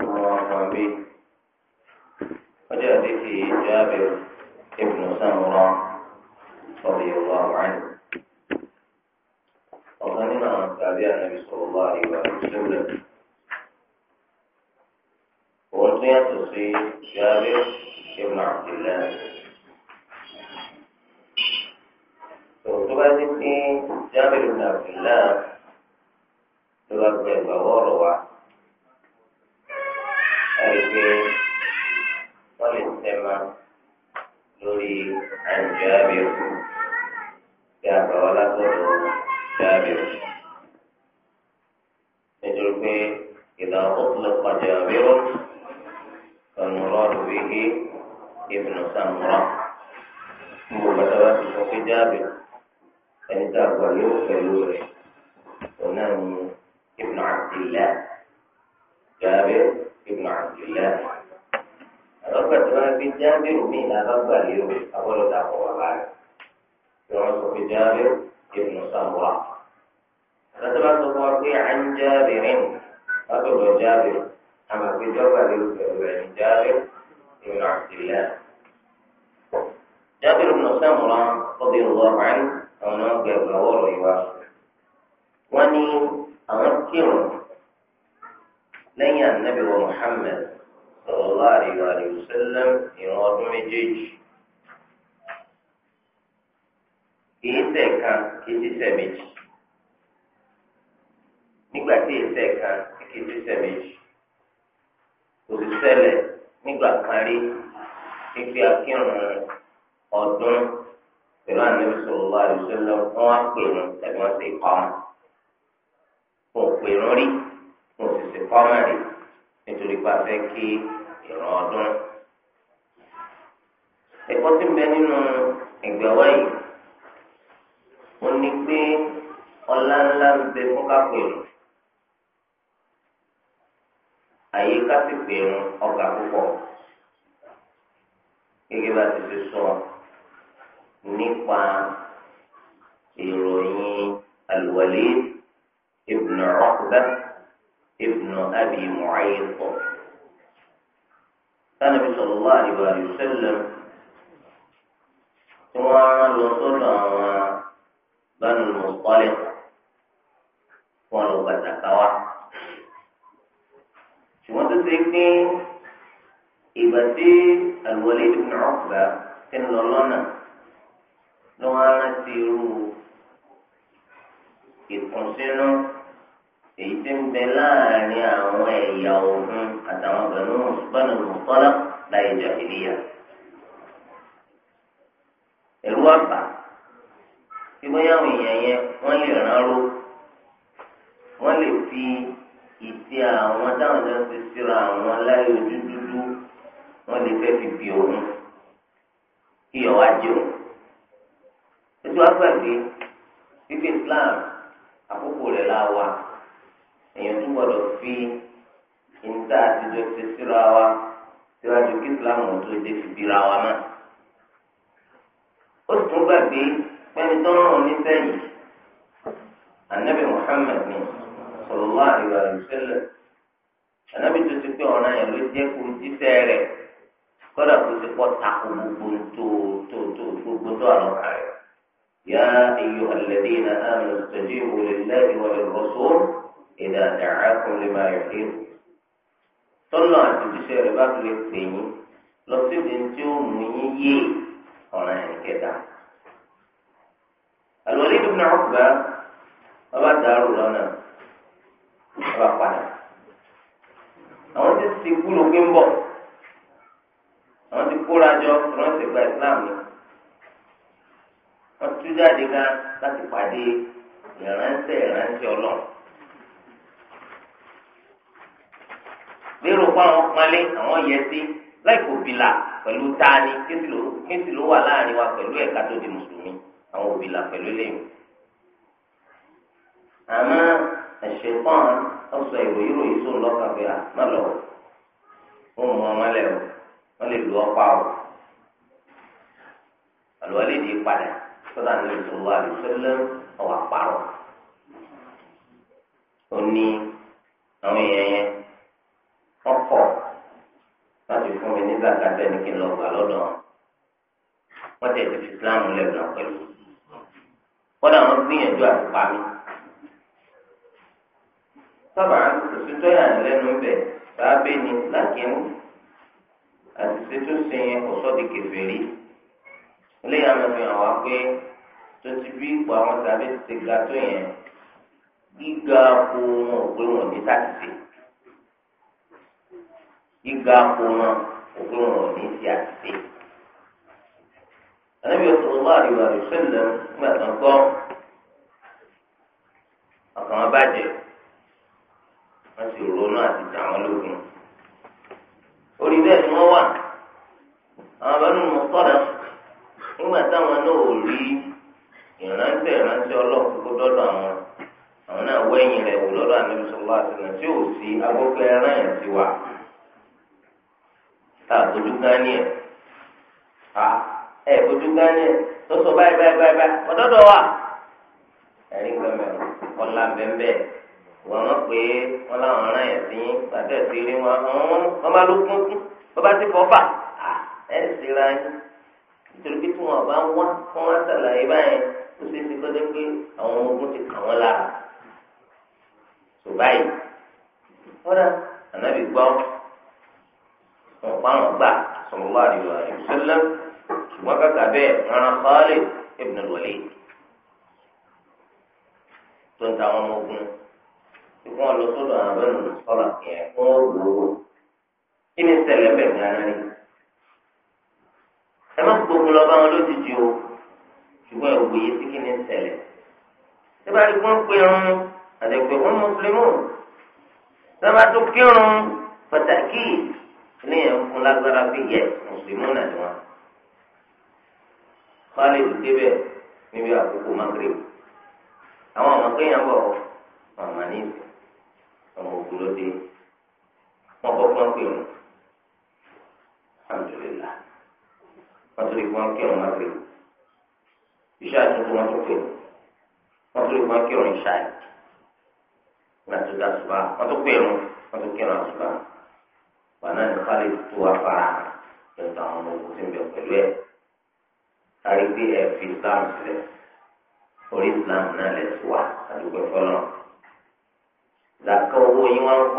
الله به وجاء به جابر بن سمرة رضي الله عنه وظننا أن تابع النبي صلى الله عليه وسلم وأعطي تصيب جابر بن عبد الله وتبادل جابر بن عبد الله تبقى بوروا àìpé wọ́n lè sẹ́mà lórí àìjọ àbẹ̀wò bí àgbàwọ́ látọ̀dọ̀ ìjọ àbẹ̀wò. nítorí pé ìlà ọ̀pọ̀lọpọ̀ pàjọ àbẹ̀wò ọ̀nùrọ̀rù wíkí ìbùnú sàmúrà gbogbo bàtà bá ti sọ pé jáàbẹ̀ ẹni tá a gbà yóò pẹ̀lú rẹ̀ ọ̀nà ìbùnú àti ìlà jáàbẹ̀. ابن عبد الله الربع تمام في جابر ومين الربع اليوم أقول له هو بعد يعرف في جابر ابن سمرة فتبقى تقول عن جابر أقول جابر أما في جابر عن جابر ابن عبد الله جابر بن سمرة رضي الله عنه أو نوقف له رواه وني أمكنه lẹ́yìn anabi wa muhammed sallallahu alayhi wa sallam ìran ọdún méjèèjì kìí ṣẹ̀ka kìí ṣẹ̀ méjì nígbà tí ìṣẹ̀ka kìí ṣẹ̀ méjì kò sì ṣẹlẹ̀ nígbà kan rí fífi akírun ọdún pẹ̀lú anabi sallallahu alayhi wa wọ́n á pè wọn tàbí wọ́n ti pa kò pè wọn rí kọ́mẹ̀rì nítorí pé a fẹ́ kí ìran ọdún. ẹ̀kọ́ tí ń bẹ nínú ìgbẹ̀wọ́ yìí mo ní pé ọlá ńlá ń bẹ fún kápẹ̀rù àyè kásìpẹ̀rù ọ̀gá púpọ̀ gẹ́gẹ́ bá ti fi sọ nípa ìròyìn alwalid ibn Uqbah. ابن أبي معيط النبي صلى الله عليه وسلم ثم وصل بن المصطلق ولو بتكوى ثم تسيبني إبتي الوليد بن عقبة كان لنا لو أنا سيرو ìkùnsínú èyí tí ń bẹ láàrin àwọn ẹ̀yà òhun àtàwọn bẹ̀rù bẹ́ẹ̀ ló tọ́lá láì jàhìlíyà. ẹ̀rú àbá tí bóyá àwọn èèyàn yẹn wọ́n lè rán ró wọ́n lè fi ìtì àwọn táwọn jọ ti síra àwọn láyé ojú dúdú wọ́n lè fẹ́ fi bí òun kí ọ̀wá jẹ́ òun. ètò fífi Islam àkókò rẹ̀ la wà èèyàn tún gbọdọ̀ fi níta àtijọ́ ṣe síra wa síwájú kí islam tó dé fi bíra wa mọ́. ó sì tún gbàgbé pẹ́ni tó ń rán níṣẹ́ yìí anabi muhammed ni sallallahu alaihi wasallam anabi tó ti pé ọ̀nà yẹn ló jẹ́ kó jíṣẹ́ rẹ̀ kódà kó ti pọ̀ tako gbogbo tó tó tó gbogbo tó àlọ́kà rẹ̀. يا أيها الذين آمنوا استجيبوا لله وللرسول ìdá dàákùn lè máa yọ̀ kí tọ́lọ̀ àti òṣìṣẹ́ rẹ̀ bá fi lè pè yín lọ síbi tí ó mú yín yé ọ̀ràn ẹ̀kẹta. Al-Walid ibn Uqba ọba dàrú lọ́nà ọba padà. àwọn ti ti kúrò pé ń bọ̀ àwọn ti kóra jọ wọ́n ti gba Islam ni wọ́n tú jáde gan láti pàdé ìránṣẹ́ ìránṣẹ́ ọlọ́run. lérò pé àwọn pọnlé àwọn yẹ sí láì kò bìlà pẹ̀lú tani kéńtì ló wà láàrin wa pẹ̀lú ẹ̀ka tó di mùsùlùmí àwọn òbìlà pẹ̀lú lẹ́yìn. àmọ́ ẹ̀ṣẹ̀ pọ́n ọ̀sọ̀ ìròyìn ròyìn tó ń lọ́kà pé à má lọ ó mú ọmọ lẹ̀ o wọ́n lè lu ọ́pá o àlùwálé di padà sọ́dà ní ìṣòro àlùsọ́lẹ̀ ọ̀wà parọ́ ó ní àwọn èèyàn yẹn. zakata ní kí n lọ gbà lọ́dọ̀ wọn tẹ̀ ti fi islam lẹ́nu náà pẹ̀lú wọn náà wọn gbìyànjú àti pa mí sábà òṣìṣẹ́ yà ní lẹ́nu bẹ̀ sábẹ́ ni lákìíní àti ṣètò sẹ́yìn ọ̀ṣọ́dì kẹfẹ́rí eléyà máa fi hàn wá pé tó ti bí ipò àwọn sábẹ́ ti ga tó yẹn gíga kó wọn ò pé wọn ní sátìsì gíga kó wọn. ogun wọn ò ní ti àtìsí. ànábì ọ̀sán wà rí wà sẹ́lẹ̀ nígbà tó gbọ́ ọ̀kan bàjẹ́ wọ́n sì ronú àti jà wọ́n lógun. orí bẹ́ẹ̀ ni wọ́n wà àwọn abẹ́nú mọ̀ nígbà táwọn náà ò rí ìrántí ìrántí ọlọ́ọ̀kú kó dọ́dọ̀ àwọn àwọn náà wẹ́yìn rẹ̀ wò lọ́dọ̀ àti àbójú gánì ẹ̀ à ẹ̀ bójú gánì ẹ̀ tó sọ báyìí báyìí báyìí báyìí ọ̀dọ́dọ̀ wa ẹ̀rí gbẹmẹ̀ ọ̀la bẹ́ẹ̀ wọ́n mọ̀ pé wọ́n láwọn ọ̀ràn yẹn sí pàtẹ́ ìṣeré wọn wọ́n bá ló kún kún wọ́n bá ti fọ́ fà ẹ̀ ń ṣera yín nítorí pé tí wọn bá ń wá kí wọn ṣàlàyé báyẹn ó ṣe é ṣe kọ́jọ́ pé àwọn ọmọ ogun ti kà wọ́n lára ṣùgbọ́n báyìí wọ́n dà ànábì gbọ́ wọn pa ń gbà sọlọ́lá àdìyọ àdìsẹ́lẹ̀ ṣùgbọ́n kàkà bẹ́ẹ̀ rárá Khalid ibn al-Walid tó ń ta àwọn ọmọ ogun tí wọ́n lọ sọ́dọ̀ àwọn abẹ́nu sọ́ra yẹn wọ́n wúwo kí ni ṣẹlẹ̀ bẹ̀ gánà ni ẹ má gbogbo lọ bá wọn lójijì o ṣùgbọ́n ẹ wòye sí kí ni ṣẹlẹ̀ ṣé bá rí kí wọ́n àdẹ̀gbẹ̀ wọn mùsùlùmí sábà kírun pàtàkì eléyàn ń fún lágbára bí yẹ mùsùlùmí náà ni wọn. Khalid débẹ̀ níbi àkókò Maghrib àwọn ọmọ kéèyàn bọ̀ màmá ní ìsìn ọmọ ògùn ló dé wọn kọ́kọ́ ń pè wọn alhamdulillah wọn tún lè fọ́n kírun Maghrib iṣẹ́ àtúntò wọn tún pè wọn tún lè fọ́n kírun iṣẹ́ àti wọn àtúntò àtúbà wọn tún pè wọn wọn tún kírun wọn náà ní kálí tó wá fara pẹ̀lú àwọn ọmọ ogun tí ń bẹ pẹ̀lú ẹ̀ kárí pé ẹ fi Islam sílẹ̀ orí Islam náà lẹ̀ tó wá àdúgbò fọlọ́ zaka owó yín wá ń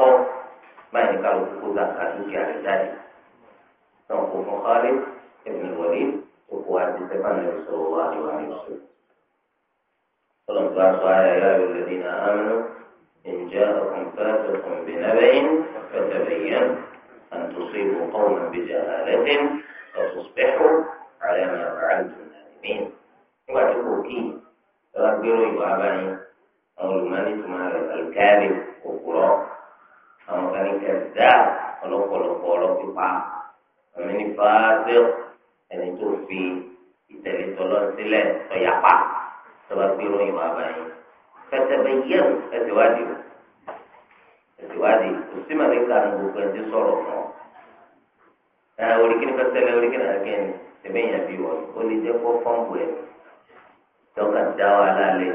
báyìí ní kálukú kó zaka dúkìá rẹ̀ jáde náà kò fún kálí ẹ̀mí wọlé òkú àti sẹ́fà ní ìṣòro wa ní wàá ìṣòro. فلم تعصوا يا أيها الذين آمنوا إن جاءكم فاسق بنبأ فتبينوا أن تصيبوا قوما بجهالة فتصبحوا على ما فعلتم نادمين وأتوكوا كي تغبروا يوابني أو لمن تمارس الكاذب وقراء أو كان كذاب ọlọ́pọ̀lọpọ̀ ọlọ́pípa àmì ní fàáṣẹ ẹni tó fi ìtẹ̀lé tọ́lọ́ sílẹ̀ ọ̀yàpá tọ́ba gbé ròyìn wá ẹ̀sìwádìí kò sí màlẹ́kà ní gbogbo ẹ̀dí sọ̀rọ̀ fún ọ. ẹ orí kí ni ká tẹ́lẹ̀ orí kí ni àgẹ́ ni ẹ̀mí yẹn bí wọ́n ó lè jẹ́ kó fọ́ǹbù ẹ̀ tọ́ka dá wa lálẹ́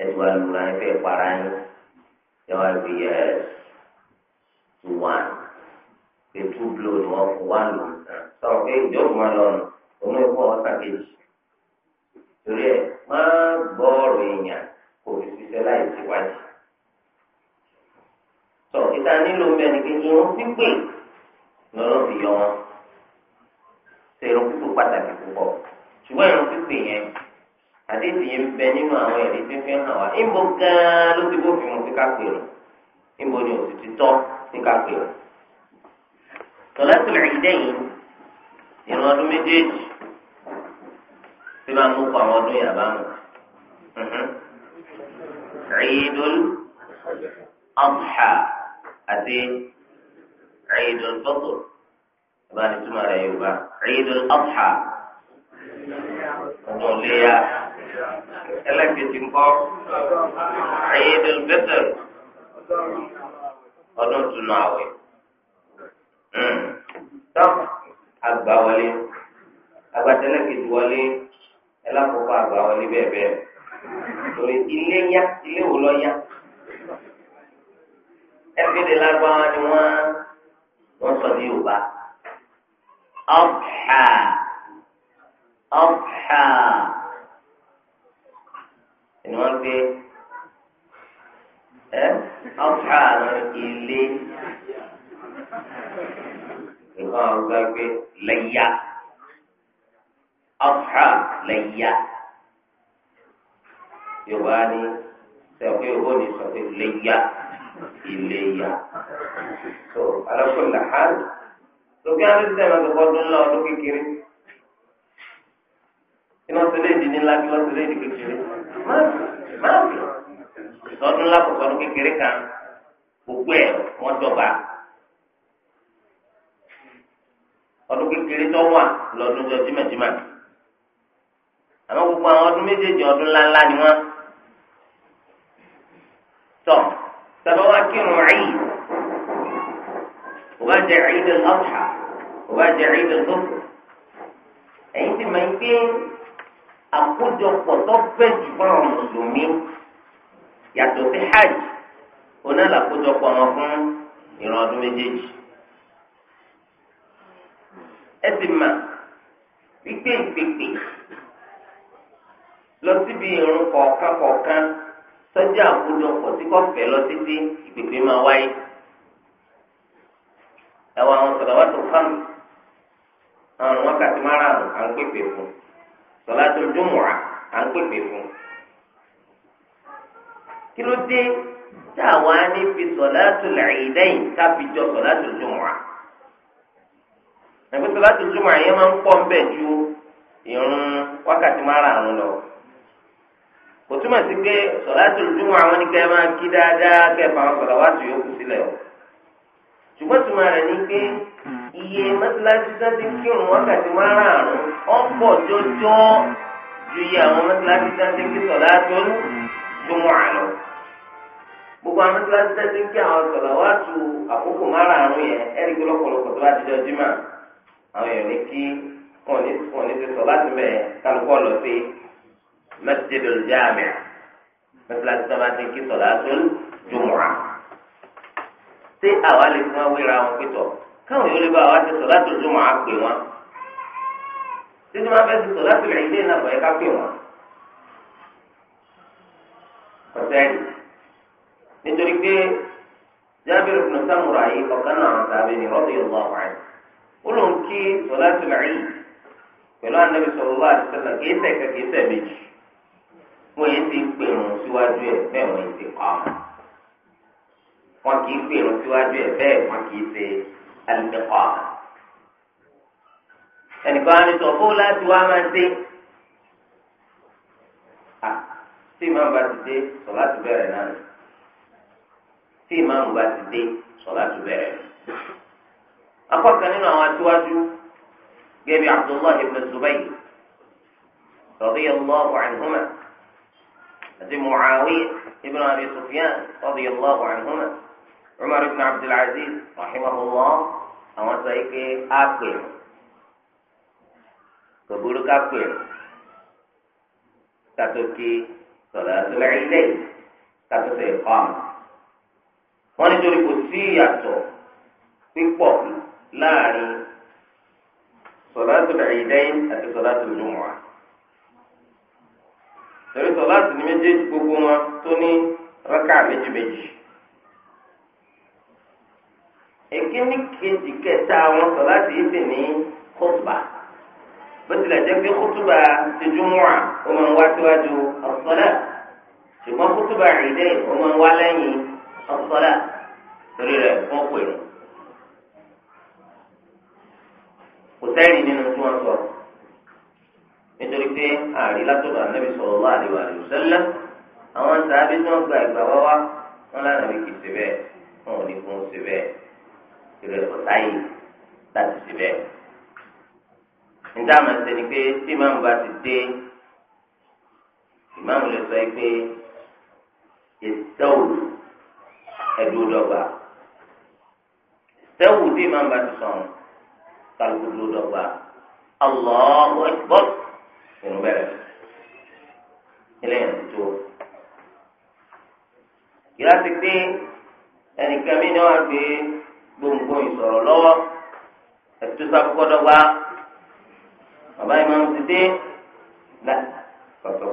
ẹ̀dí wa lura fẹ́ para ẹ̀ ẹ̀ wá bí ẹ̀ one ètú blow ni wọ́n fún one lò sọ̀rọ̀ pé ìjọba máa lọ nù òun ẹ̀ fún ọ̀sán kejì torí ẹ̀ máa gbọ́ ọ̀rọ̀ èèyàn kò fi ṣiṣẹ́ tó ìta nílò mẹ́rin pé irun pípé lọ́nà fi yọ wọn tó irun pípé pàtàkì púpọ̀ ṣùgbọ́n irun pípé yẹn àdéhùn yẹn bẹ nínú àwọn ẹ̀rí tí fi hàn wá ìbò gan-an ló ti bófin mu fi kápẹ́ rẹ̀ ìbò ni òsì ti tọ́ fi kápẹ́ rẹ̀ tọ́lẹ́tì ìdẹ́yìn ìrún ọdún méjèèjì tí máa mú kọ àwọn ọdún yàrá mu Eidul Adha àti Eidul Fitr ọba nítumọ̀ rẹ̀ Yorùbá Eidul Adha ọdún léya ẹlẹ́kẹ̀tì ńkọ́ Eidul Fitr ọdún tunu àwẹ̀ hmm. tọ́ àgbà wọlé agbatẹlẹ́kẹ̀tì wọlé ẹlẹ́kọ̀ọ́kọ́ àgbà wọlé bẹ́ẹ̀ bẹ́ẹ̀ torí ilé yá ilé wò lọ́ yá ẹgbẹ́dẹ̀ lágbára ni wọ́n wọ́n sọ ní yorùbá. ọ̀pá ọ̀pá ni wọ́n gbé ẹ ọ̀pá ilé nǹkan ọ̀gá gbé lẹ́yà ọ̀pá lẹ́yà yorùbá ni sọ pé owó ni sọ pé lẹ́yà iléyà tó alákùn làhán lókè àdúgbò ẹ̀rọ tó kọ́dún ńlá ọdún kékeré iná tó léèdì nílá kí wọ́n tó léèdì kékeré máàbì ìtọ́dún ńlá kò sọdún kékeré kan gbogbo ẹ̀ wọ́n dọ̀gba ọdún kékeré tó wà lọ́dún jọ jimajima àmọ́ gbogbo àwọn ọdún méjèèjì ọdún ńláńlá ni wọ́n tọ̀ tàbá wá kírun ẹ̀yìn kò bá jẹ ẹ̀yìn lè lọ́tà kò bá jẹ ẹ̀yìn lè lọ́tà ẹ̀yìn ti máa ń gbé àkójọpọ̀ tó bẹ̀ jù fún àwọn mùsùlùmí yàtọ̀ sí hajj oná làkójọpọ̀ wọn fún ìran ọdún méjèèjì ẹ sì mà wípé ìpèpè lọ síbi ìrun kọ̀ọ̀kan kọ̀ọ̀kan sọ́jú àkójọpọ̀ tí kò fẹ́ lọ títí ìpèpè máa wáyé. ẹ̀wọ̀n àwọn sọ̀làwà tó fáàmù àwọn wákàtí márààrún à ń pèpè fún sọ̀là tó dùnmùrà à ń pèpè fún. kí ló dé tá a wá ní fi sọ̀là tó làyìnlẹ́yìn jọ sọ̀là tó dùnmùrà. ẹ̀fọ́ sọ̀là yẹn máa ń pọ̀ ń bẹ̀ ju ìrun wákàtí márààrún lọ kò túmọ̀ sí ke sọ̀láṣí lójúmọ́ àwọn ní kẹ́ máa kí dáadáa kẹ́ fà wọn sọ̀rọ̀ wá sí o ṣùgbọ́n túmọ̀ rẹ̀ ni ke iye mọ́tíláṣí sáńtì kírun wákàtí márààrún ọ̀pọ̀ jọjọ́ ju iye àwọn mọ́tíláṣí sáńtì kí sọ̀láṣí lójúmọ́ àlọ́ gbogbo àwọn mọ́tíláṣí sáńtì kí àwọn sọ̀rọ̀ wá tu àkókò márààrún yẹn ẹ̀rí gbọ́lọ́pọ̀lọpọ̀ tó bá ti jọ jímà àwọn èèyàn ní kí wọn ní sọ láti mẹ́ẹ̀ kálukọ́ lọ sí masjid al-jami mẹsàlásí tó máa ti kí sọlá tó jùmọ̀ra ṣé àwa lè fún wọn wíra wọn pẹ̀tọ̀ káwọn yóò lè bá àwa ti sọlá tó jùmọ̀ra pè wọn títí wọn fẹ́ẹ́ ti sọlá tó ìdí náà fọyẹ́ ká pè wọn. ọ̀sẹ̀ nítorí pé jábìrì fún sàmúrà yìí ọ̀kan náà tàbí ní rọ́bì ìlú ọ̀hún ẹ̀ ó lóun kí sọlá tó ìdí pẹ̀lú ànábì sọlá tó ìdí sẹ́kẹ̀ kì wọn yìí ti pèrò síwájú ẹ bẹ́ẹ̀ wọn yìí ti kọ ọmọ wọn kì í pèrò síwájú ẹ bẹ́ẹ̀ wọn kì í ṣe alùpẹkọ ọmọ ẹnìkan á ní sọ fún láti wá máa ṣe tí ìmáàmù bá ti dé sọlá ti bẹ̀rẹ̀ náà ni tí ìmáàmù bá ti dé sọlá ti bẹ̀rẹ̀ ni. nínú àwọn aṣíwájú gẹ́gẹ́ Abdullahi ibn Zubayr radiyallahu anhuma àti Muawiya ibn Abi Sufyan radiyallahu anhuma Umar ibn Abdul Aziz rahimahullah àwọn sọ yìí pé á pè é kò burú ká pè é kàtòkè sọlá sọlá ilé kàtòkè kọ́ àmọ́ wọ́n nítorí kò sí ìyàtọ̀ pípọ̀ láàrin sọlá sọlá ìdẹ́yìn àti sọlá sọlá jùmọ̀ torí sọláàtì ní méjèèjì gbogbo wọn tó ní rákà méjì méjì èkíní kejì kẹta wọn sọláàtì yìí sì ní kótóbà bó tilẹ̀ jẹ́ pé kótóbà ti júmọ́à ó máa ń wá síwájú ọ̀sọ́lá ṣùgbọ́n kótóbà ìdẹ́ ó máa ń wá lẹ́yìn ọ̀sọ́lá torí rẹ̀ wọ́n pè kò sẹ́yìn nínú tí wọ́n sọ̀rọ̀ pé àrí látọ̀dọ̀ ànábì sallallahu alaihi wa sallam àwọn sàábí tí wọ́n gba ìgbà wá wá wọn lánàá bí kìí ṣe bẹ́ẹ̀ wọn ò ní fún ṣe bẹ́ẹ̀ ìrẹ̀ ọ̀tá yìí láti ṣe bẹ́ẹ̀. níta máa ṣe ni pé tí màmú bá ti dé ìmáàmù lè sọ pé ìṣẹ́wù ẹ̀dùn dọ́gba ìṣẹ́wù tí màmú bá ti sọ̀rọ̀ kálukú dúró dọ́gba Allahu nínú bẹ́ẹ̀ ilé yẹn ti tó ìlà ti pé ẹnìkan mi ni wọn gbé gbòǹgbò ìsọ̀rọ̀ lọ́wọ́ ẹtú sáfùkọ́dọ́gba bàbá yìí máa ń ti dé lá pàtó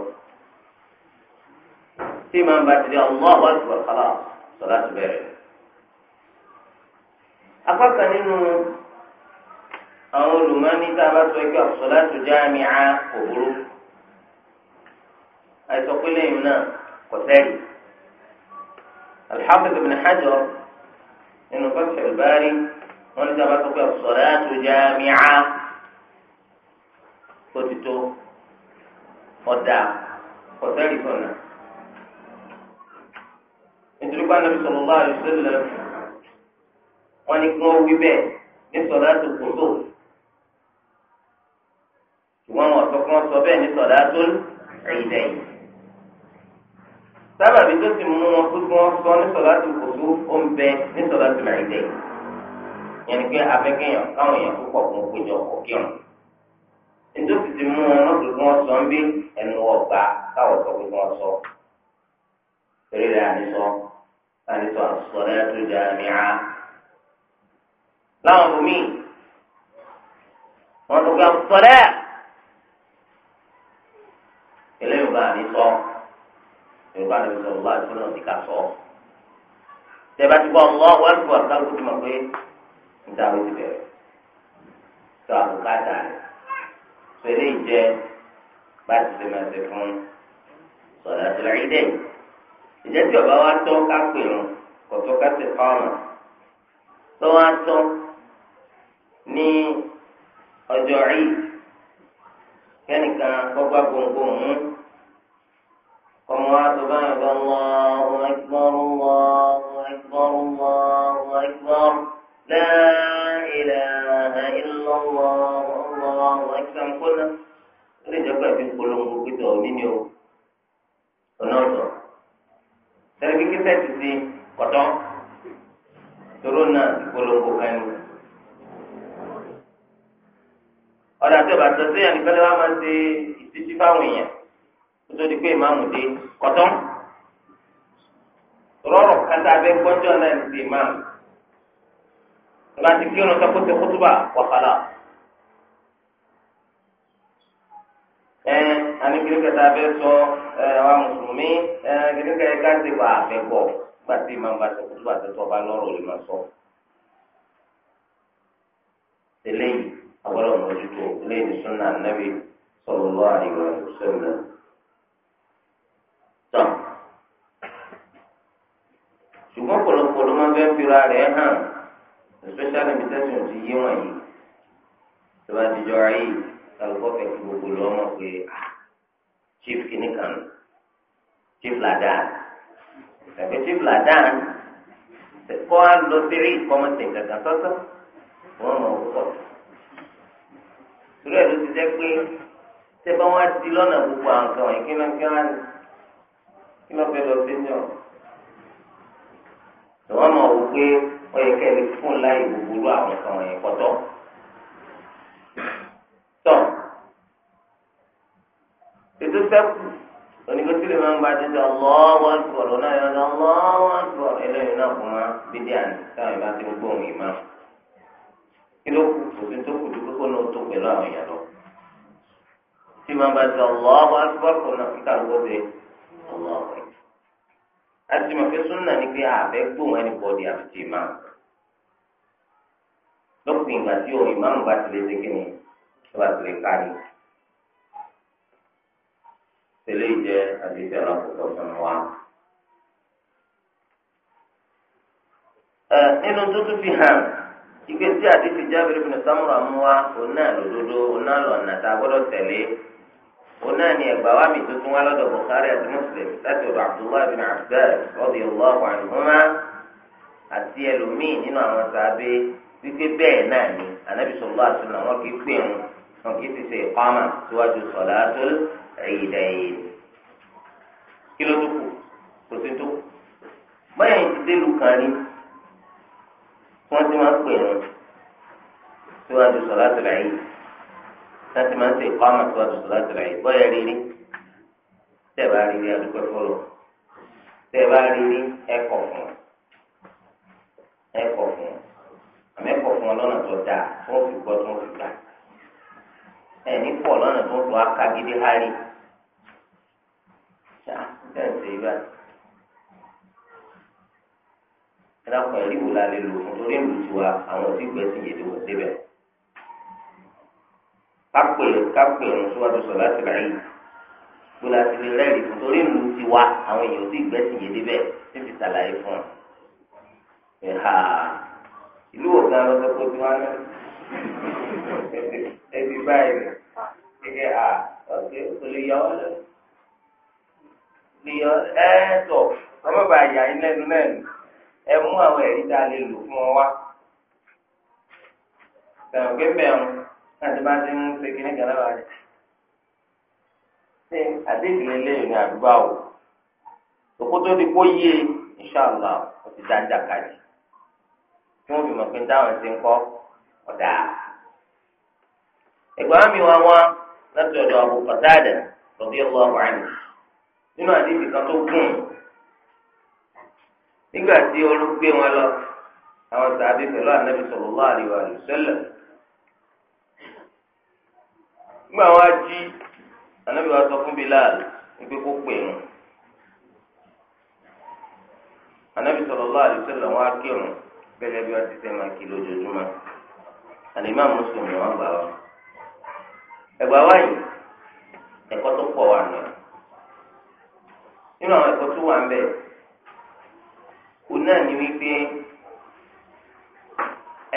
tí màá bá ti dé ọlọ́ àwọn àgbà kálá sọlá ti bẹ̀rẹ̀ apá nínú àwọn olùmọ́ni tá a bá sọ pé as-salatu jami'a kò burú àìsàn pé lẹ́yìn náà kò sẹ́yìn. al-Hafiz ibn Hajar nínú Fath al-Bari wọ́n ní tá a bá sọ pé as-salatu jami'a kò ti tó ọ̀dà kò sẹ́yìn sọ̀nà. nítorí pé Ànábì sallallahu alaihi wasallam wọ́n ní kí wọ́n wí bẹ́ẹ̀ ní sọ̀rọ̀ àti kòtò ṣùgbọ́n wọn sọ fún wọn sọ bẹ́ẹ̀ ní sọ̀dá tó ẹ̀yìn lẹ́yìn. sábàbí tó ti mú wọn pé kí wọ́n sọ ní sọ̀dá tó kòtó ó ń bẹ ní sọ̀dá tó ẹ̀yìn yẹn ni pé abẹ́kẹ́yàn káwọn èèyàn púpọ̀ kún péjọ pọ̀ kí ètò ti ti mú wọn lọ́dún kí sọ ń bí ẹnu ọgbà káwọn sọ pé wọ́n sọ. eré rẹ̀ àníṣọ àníṣọ àṣọ̀rẹ́ tó dà mí yorùbá mi sọ yorùbá mi sọ wọ́n àti náà ti ká sọ. tẹ́lẹ̀ bá ti kọ́ ọ̀hún wọ́n ti wà káwọn ti mọ̀ pé níta ló ti bẹ̀rẹ̀ tó àbùkátà rẹ̀ pẹ̀lú ìjẹ́ bá ti ṣe máa ṣe fún sọ̀rọ̀ àti rẹ̀ dẹ̀. ìjẹ́ tí ọba wa tọ́ ká pè wọn kọ̀tọ́ ká ti pa ọ̀nà lọ́wọ́ á tọ́ ní ọjọ́ rí kẹ́nìkan kọ́gbá gbòǹgbò mú ọmọ àtúbà ẹ̀ka Allahu akbar Allahu akbar Allah Allahu akbar nkọ́lá ó lè jẹ́ pé ẹ̀fí polongo pété òní ni o ọ̀nà ọ̀tọ̀ sẹ́ni kíkẹ́ sẹ́ẹ̀tì sí ọ̀tọ̀ tóró náà polongo kan ní. ọ̀dà tó bàtọ̀ sí ẹnìkan ló wá máa ṣe ìtìjú fáwọn èèyàn nítorí pé ìmáàmù dé kọ́tọ́ rọrọ̀ kátà abẹ́ gbọ́jọ́ náà ní ti ìmáàmù ìgbà tí kírun sọ́kó ti kútúbà wàhálà. anigirikata abẹ́ sọ àwọn mùsùlùmí girika ẹ̀ka ti wà abẹ́ bọ̀ nígbà tí ìmáàmù bá ti kútúbà tó tọ́ ọba lọ́rọ̀ lè máa sọ. tẹ́lẹ̀ yìí agbọ́dọ̀ mọ̀jú tó lẹ́yìn sunna anabi sallallahu alaihi wasallam tọ ṣùgbọ́n pọ̀lọpọ̀ ló máa ń fẹ́ fira rẹ̀ hàn especially bí tẹ́sán ti yé wọ̀nyí tó bá ti jọ ayé kálukọ́ fẹ́ fi gbogbo lọ́wọ́ mọ̀ pé ah, chief kìnnìkan chief ladan tàbí chief ladan kọ́ á lọ sí rí ìkọ́mọ̀tì kankan sọ́sọ́ wọ́n mọ̀ pọ̀ torí ẹ̀ ló ti jẹ́ pé tẹ́ bá wá di lọ́nà gbogbo àwọn kan wọ̀nyí kí wọ́n á ní kí ló fẹ́ lọ sí ní ọ̀. ìwọ mọ̀ wò pé wọ́n yẹ kẹ́lẹ́ fún láì wúburú àwọn kan wọ̀nyẹn pọ̀tọ́. tọ́ ètò sẹ́kù onígbèsè lè máa ń gba títí ọlọ́wọ́ ìfọ̀rọ̀ náà yọ ọ́ lọ́wọ́ ìfọ̀rọ̀ eléyìí náà kò má bídí àná táwọn ìbá ti ń gbóhùn ìmá kí ló kù kò sí tó kù ju kókó náà tó pẹ̀lú àwọn èèyàn lọ. tí máa ń gba títí ọlọ́wọ́ ìfọ̀rọ̀ náà kíkà lówó láti mọ̀ pé súnà ni pé àbẹ́ gbóhùn ẹnìbọ̀dì àti tì máa lọ́pọ̀ ìgbà tí o ìmáàmù bá ti lè ṣe kíni tó bá ti lè kárí. tẹ̀lé ìjẹ́ àdéhùn alákòókò sọ̀rọ̀ wa. nínú tuntun fi hàn ìgbésí àdéhùn Jábìrì ibn Samura mú wa òun náà lòdodo òun náà lọ̀nà tá a gbọ́dọ̀ ونعني أبوابي تسمى لدى البخاري مسلم أتوا عبد الله بن عباس رضي الله عنهما أتي لمين إنه أمسابي wípé bẹ́ẹ̀ náà ni anabi sọlá àtúnà wọn kì í pè wọn wọn kì í ti ṣe ìpamọ́ síwájú sọlá tó ẹ̀yìnlẹ̀ yìí kí ló tó kù kò láti máa ń ṣe ìkọ́ àmọ̀ síwájú sọ láti rà yìí bọ́yá rírí tẹ́ ẹ bá rírí adúpẹ́ fọlọ́ tẹ́ ẹ bá rírí ẹ̀kọ́ fún ẹ̀kọ́ fún àmẹ́kọ̀ fún ọ lọ́nà tó dáa tó ń fi gbọ́ tó ń fi gbà ẹ̀ ní pọ̀ lọ́nà tó ń lọ akagídé hárì ṣá ẹ̀ ń ṣe ibà ẹ̀ dákun ẹ̀rí wò la lò fún torí èlùtù wa àwọn tí gbẹ̀sìn yèdè wọ̀ débẹ̀ kápẹ̀rún kápẹ̀rún síwájú sọ̀rọ̀ láti rà yìí gbọ́dọ̀ àti lè rẹ́rìí fún torí ìlú ti wá àwọn èèyàn tí ìgbẹ́sìn yé débẹ̀ tí fi ṣàlàyé fún un. ẹ̀hà ìlú ọ̀gá lọ́sọ̀ pé kí wọ́n á ẹbí báyìí gẹ́gẹ́ à ọ̀gẹ́ òkèlè yọ ọ́ lẹ́nu. lè yọ ẹ́ tọ̀ ọmọ bàa yà yín lẹ́nu lẹ́nu ẹ mú àwọn ẹ̀rí tá a lè lò fún ọ wá. sẹ̀wọ̀n pé láti bá ti ń ṣe kíní kan lára ṣé àdéhùn lélẹ́yìn ní àdúgbò àwò òkútó ti kó yé inṣàlá ó ti kájí tí wọ́n fi mọ̀ pé táwọn ti ń kọ́ ọ̀dà. ẹ̀gbọ́n mi wá wá láti ọ̀dọ̀ Abu Qatada radiyallahu anhu nínú àdéhùn kan tó gùn nígbà tí olú gbé wọn lọ àwọn sàbí pẹ̀lú ànábì wa gbogbo àwọn ají ànábì wa sọ fún Bilal wípé kó pè wọn ànábì sallallahu alaihi wasallam wọn á kírun gẹ́gẹ́ bí wọ́n ti fẹ́ máa kí lójoojúmọ́ àlèmá mùsùlùmí wọn gbà wá ẹgbàá wáyé ẹ̀kọ́ tó pọ̀ wà nù nínú àwọn ẹ̀kọ́ tó wà ń bẹ kù náà ni wípé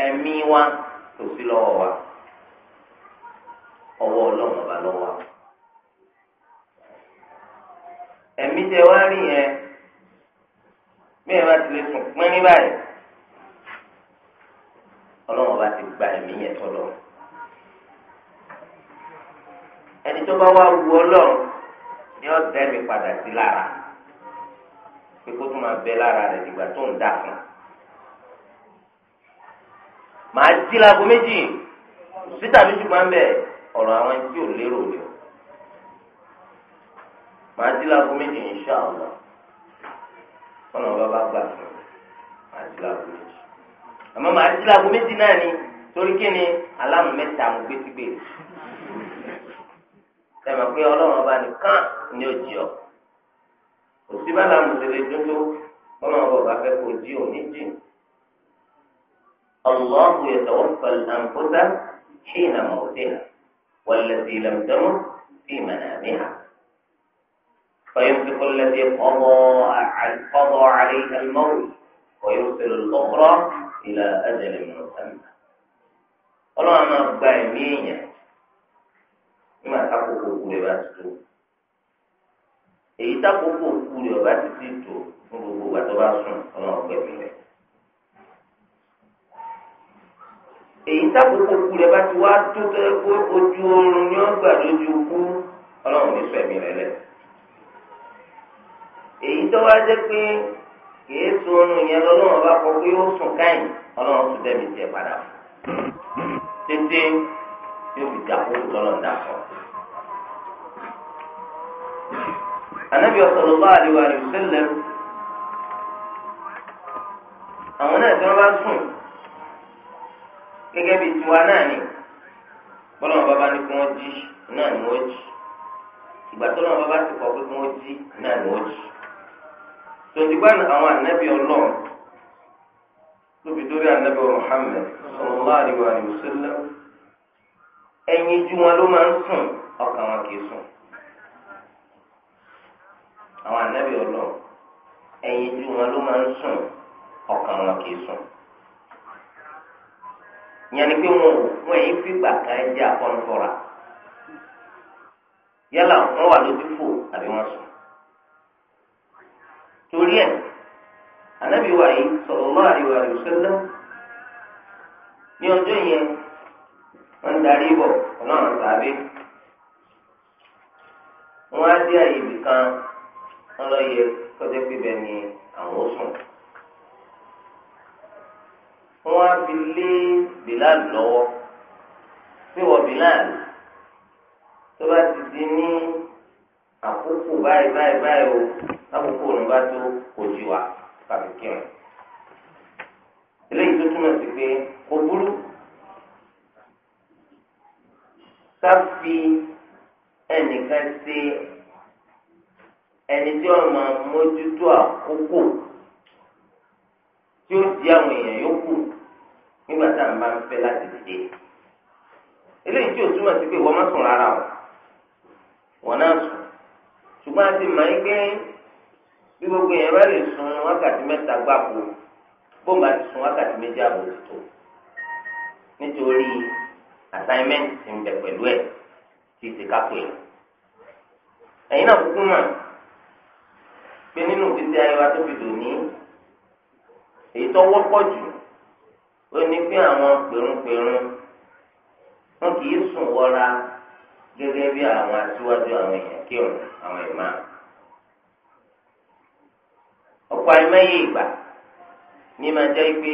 ẹ̀mí wa kò sí lọ́wọ́ wa ọwọ́ ọlọ́run ọba lọ́wọ́ ẹ̀mí tẹ wá rí yẹn bí ẹ bá ti lè sùn pín ní báyìí ọlọ́run ọba ti gba ẹ̀mí yẹn tọ́lọ́ ẹni tó bá wá wu ọlọ́run ni ó dẹ́mi padà sí lára pé kó tó máa bẹ lára rẹ̀ dìgbà tó ń dà fún màá jí laago méjì síta ṣùgbọ́n bẹ́ẹ̀ ọ̀rọ̀ àwọn tí ò lérò ni o màá ti láago méjì insha Allah wọn làwọn bá bá gbà fún mi màá ti láago méjì àmọ́ màá ti láago méjì náà ni torí kí ni aláàmù mẹ́ta mo gbé sígbè ẹ mọ̀ pé ọlọ́run ọba nìkan ni ó jì ọ́ òsì bá làmù tẹ̀lé dúdú ọlọ́run ọba fẹ́ kó jí òní jì Allahu yatawaffa al-anfusa hina mawtiha. والتي لم تمت في منامها فيمسك الذي قضى قضى عليها الموت ويرسل الأخرى إلى أجل مسمى ọlọ́run máa gba ẹ̀mí èèyàn nígbà tákòókò kú rẹ̀ bá ti tó èyí tákòókò kú rẹ̀ ti ti tó fún gbogbo ìgbà tó bá sùn ọlọ́run gbẹ̀mí rẹ̀. èyí tábùkù kú rẹ bá ti wá tó tẹ pé ojú oorun ni wọn gbà lójú kú Ọlọ́run ní sọ ẹ̀mí rẹ lẹ èyí tó wá jẹ pé kìí sun oorun yẹn lọ́lọ́run bá kọ pé ó sùn káyìn Ọlọ́run tún dẹbi tiẹ padà tètè yóò fi dà kó lọlọ dà fọ. anabi sallallahu alaihi wa sallam àwọn náà tí wọn bá sùn. gẹ́gẹ́ bíi tiwa náà ni bọ́lá bàbá ní kí wọ́n jí náà ni wọ́n jí ìgbà tó lọ́wọ́ bàbá ti kọ̀ pé kí wọ́n jí náà ni jí àwọn lóbi dórí Muhammad ju wọn ló máa ń sùn ọkàn wọn kì í sùn àwọn ìyẹn ni pé wọn wọn èyí fìgbà kan jẹ àkọlùfọra yálà wọn wà lójú fò àbí wọn sùn torí ẹ anabi wa yìí sallallahu alaihi wasallam ní ọjọ́ yẹn wọn darí bọ Ọlọ́run tàbí wọn á dé àyè ibì kan wọn lọ yẹ kọjá pípẹ ní àwọn ó sùn wọ́n wá fi lé Bilal lọ́wọ́ pé wọ́n Bilal tó bá ti di ní àkókò báyìí báyìí báyìí o lákòókò òun bá tó kò jù wá tàbí kírun eléyìí tó túmọ̀ sí pé kò burú ká ẹnìkan ṣe ẹni tí wọ́n máa mójútó àkókò tí ó di àwọn èèyàn yòókù nígbà tá à ń bá ń fẹ́ láti dìde eléyìí tí o túmọ̀ sí pé wọ́n má sùn rárá o wọ́n náà sùn ṣùgbọ́n a ti mọ̀ ẹ́ pé bí gbogbo yẹn bá lè sun wákàtí mẹ́ta gbáko bóńgá ti sun wákàtí méjì àbò tó nítorí assignment ti ń bẹ pẹ̀lú ẹ̀ ti ti kápẹ́ ẹ̀ ẹ̀yin náà kúkú mọ̀ pé nínú ìgbésí ayé wa tó fi dùn ní èyí tó wọ́pọ̀ jù ó ní pé àwọn pèrúnpèrún wọn kì í sùn wọra gẹ́gẹ́ bí àwọn aṣíwájú àwọn èèyàn kírun àwọn ìmá ọ̀pọ̀ àìmọye ìgbà ní máa jẹ́ pé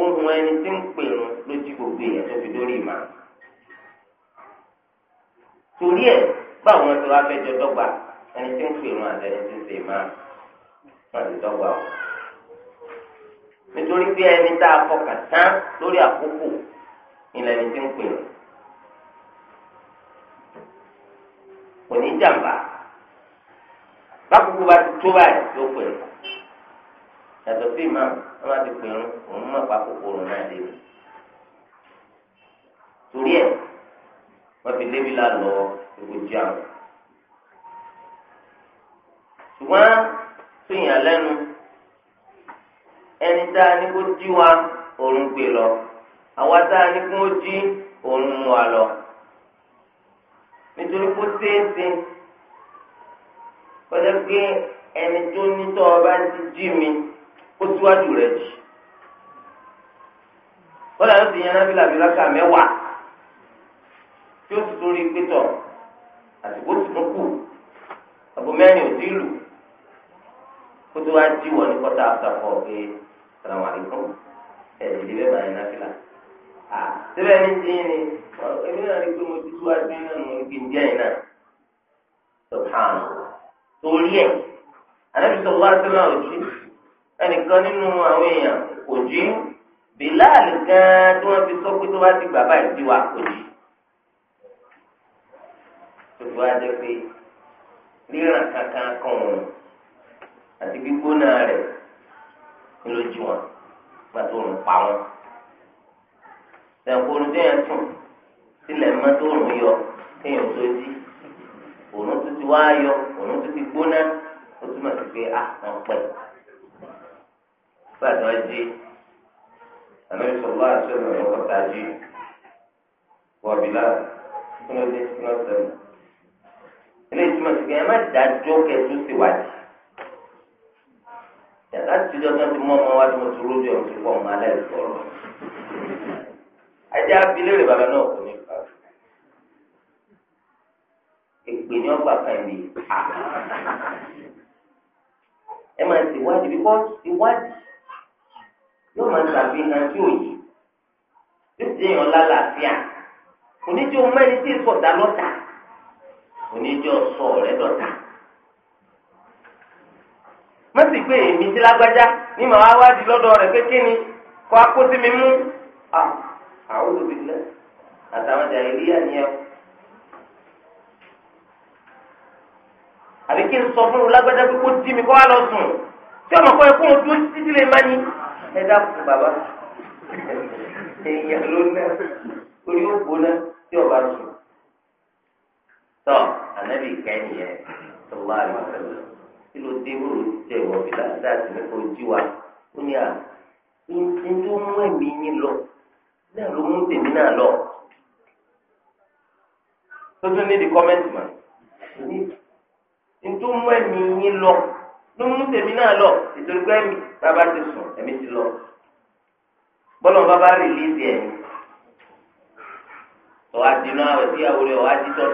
ohun ẹni tí ń pèrún lójú gbogbo èèyàn tó fi dórí ìmá torí ẹ̀ báwọn ti wá fẹ́ jọ ẹni tí ń pèrún o. nítorí pé ẹni tá a fọkàn tán lórí àkókò ilẹ̀ ni ti ń pè ọ́ kò ní jàmbá bákòókò bá ti tó báyìí ló pè ọ́ yàtọ̀ sí ìmọ̀ wọn bá ti pè ọ́ òun mọ̀ pákòókò rẹ̀ náà lé torí ẹ̀ wọ́n fi lébi la lọ ìwòjì àwọn ṣùgbọ́n tó yàn lẹ́nu ẹni tá a ní kó jí wa òun gbé lọ àwa tá a ní kó jí òun mú wa lọ nítorí kó séèsì kọjá pé ẹni tó ní tọ́ ọ bá ti jí mi ó síwájú rẹ̀ jì wọ́n làwọn ti yan nábìlà bíi rákà mẹ́wàá tí ó sì tún pétọ̀ àsìkò sì tún kù àbò mẹ́rin ò tí lù kó tó wọ ní kọ́tà àtàkọ́ pé sàlámù àlékún ẹ̀ẹ́dì bẹ́ẹ̀ báyìí náà fìlà. síbẹ̀ ní tíì ni èmi náà rí pé mo ti túwájú náà mo ní kí n jẹ́ yìí náà subhanahu torí ẹ̀ anábìsọ̀ wá sílẹ̀ òjì ẹnìkan nínú àwọn èèyàn kò jí bíláàlì gan-an tí wọ́n fi sọ pé tó bá ti gbà báyìí ti wà kò jí. tòtò jẹ pé ríran kankan kan òun àti gbígbóná rẹ̀ lójú wọn gbàtó òun pa wọn ẹ̀kọ́ olùdíyàn sùn sílẹ̀ mọ́ tó òun yọ kéèyàn tó jí òun tó ti wá yọ òun tó ti gbóná ó túmọ̀ sí pé à ah, wọ́n pẹ́ gbàtọ́ jí àná ìṣòro àti ọ̀nà ọ̀kọ́ ta jí wọ̀bìlá kí ló dé kí ló sẹ́nu ilé ìtumọ̀ sí pé ẹ má dájọ́ kẹ́tù síwájú láti ìjọ tó ti mú ọmọ wa ni mo ti rójú ọ̀hún ti fọ ọmọ aláìsọ̀rọ̀ ajá abilérè bàbá náà kò ní fà èpè ní ọgbà kan ní ẹ máa ti wádìí bí wọ́n ti wádìí yóò máa ṣàfihàn tí ò yí yóò ti yàn lálàáfíà oníjó mẹ́rin tí ì sọ̀dá lọ́tà oníjó sọ̀rẹ́ lọ́tà pé èmi ti lágbájá ní màá wá wádìí lọ́dọ̀ rẹ̀ kékeré ni kọ́ akó sí mi mú àwọn olùbílẹ̀ àtàwọn jàìlíyà ni ẹ. àbí kí n sọ fún un lágbájá pé kó dí mi kó wá lọ sùn tí ọmọ kọ́ ẹ kó wọn dúró títí lè má ní. ẹ dákun bàbá èèyàn ló ná orí ó gbóná tí ọba sùn. tọ́ ànábì kẹ́ni yẹn tó wá àlùfẹ́ lọ kí ló dé wúrò tẹ ìwọ fìlà dáàtì nípa ojú wa ó ní à ní tó mú ẹ̀mí yín lọ náà ló mú tèmi náà lọ tó tún ní di kọ́mẹ́ǹtì mà ní tó mú ẹ̀mí yín lọ ló mú tèmi náà lọ ìtòrí pé ẹ̀mí bàbá ti sùn ẹ̀mí ti lọ bọ́lọ̀ bàbá rìlíìsì ẹ̀mí ọ̀wá dínú àwẹ̀ síyàwó rẹ̀ ọ̀wá dítọ́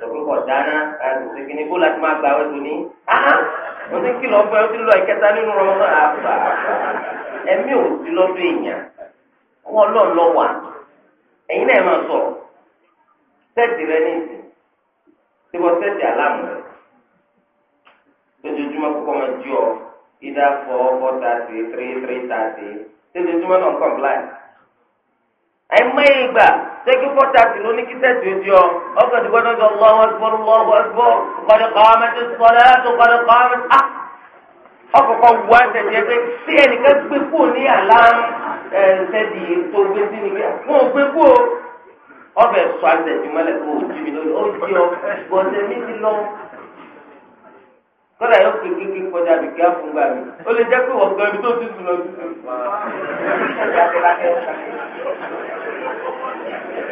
ìṣòkòkò dáná àti ìṣèkìní bó láti máa gbà wẹ́tò ní. mo ti kìlọ̀ fún ẹ ó ti lọ ìkẹta nínú rọmọdún àbá ẹ̀mí ò sí lọ́dún èèyàn wọ́n lọ́ lọ wà ẹ̀yin náà máa sọ̀rọ̀ sẹ́ẹ̀tì rẹ ní ìsìn tí wọ́n sẹ́ẹ̀tì aláàmù rẹ lójoojúmọ́ kókó máa jí ọ ìdá fọ́ fọ́ tààtì tírí tírí tààtì lójoojúmọ́ náà kọ̀ǹpláì àìmọ́ ìgbà. sẹ́kì pọ́tàtì ló ní kí sẹ́ẹ̀tì ojú ọ ọkàn tí gbọ́dọ̀ jọ lọ́wọ́ ẹgbọ́n lọ́wọ́ ẹgbọ́n kọ́dọ̀ kọ́mẹ́tì sọ́dọ̀ ẹ̀tọ́ kọ́dọ̀ kọ́mẹ́tì á ọkọ̀kọ̀ wù ẹsẹ̀ jẹ́ pé tí ẹnìkan gbé kú ní àlám ẹ̀ẹ́dì tó gbé sí ni wọn ò gbé kú yóò kéke kí kọjá bí kí á fún gbà mí ó lè jẹ́ pé wọ́n gbọ́ ibi tó ti sùn lọ sí i.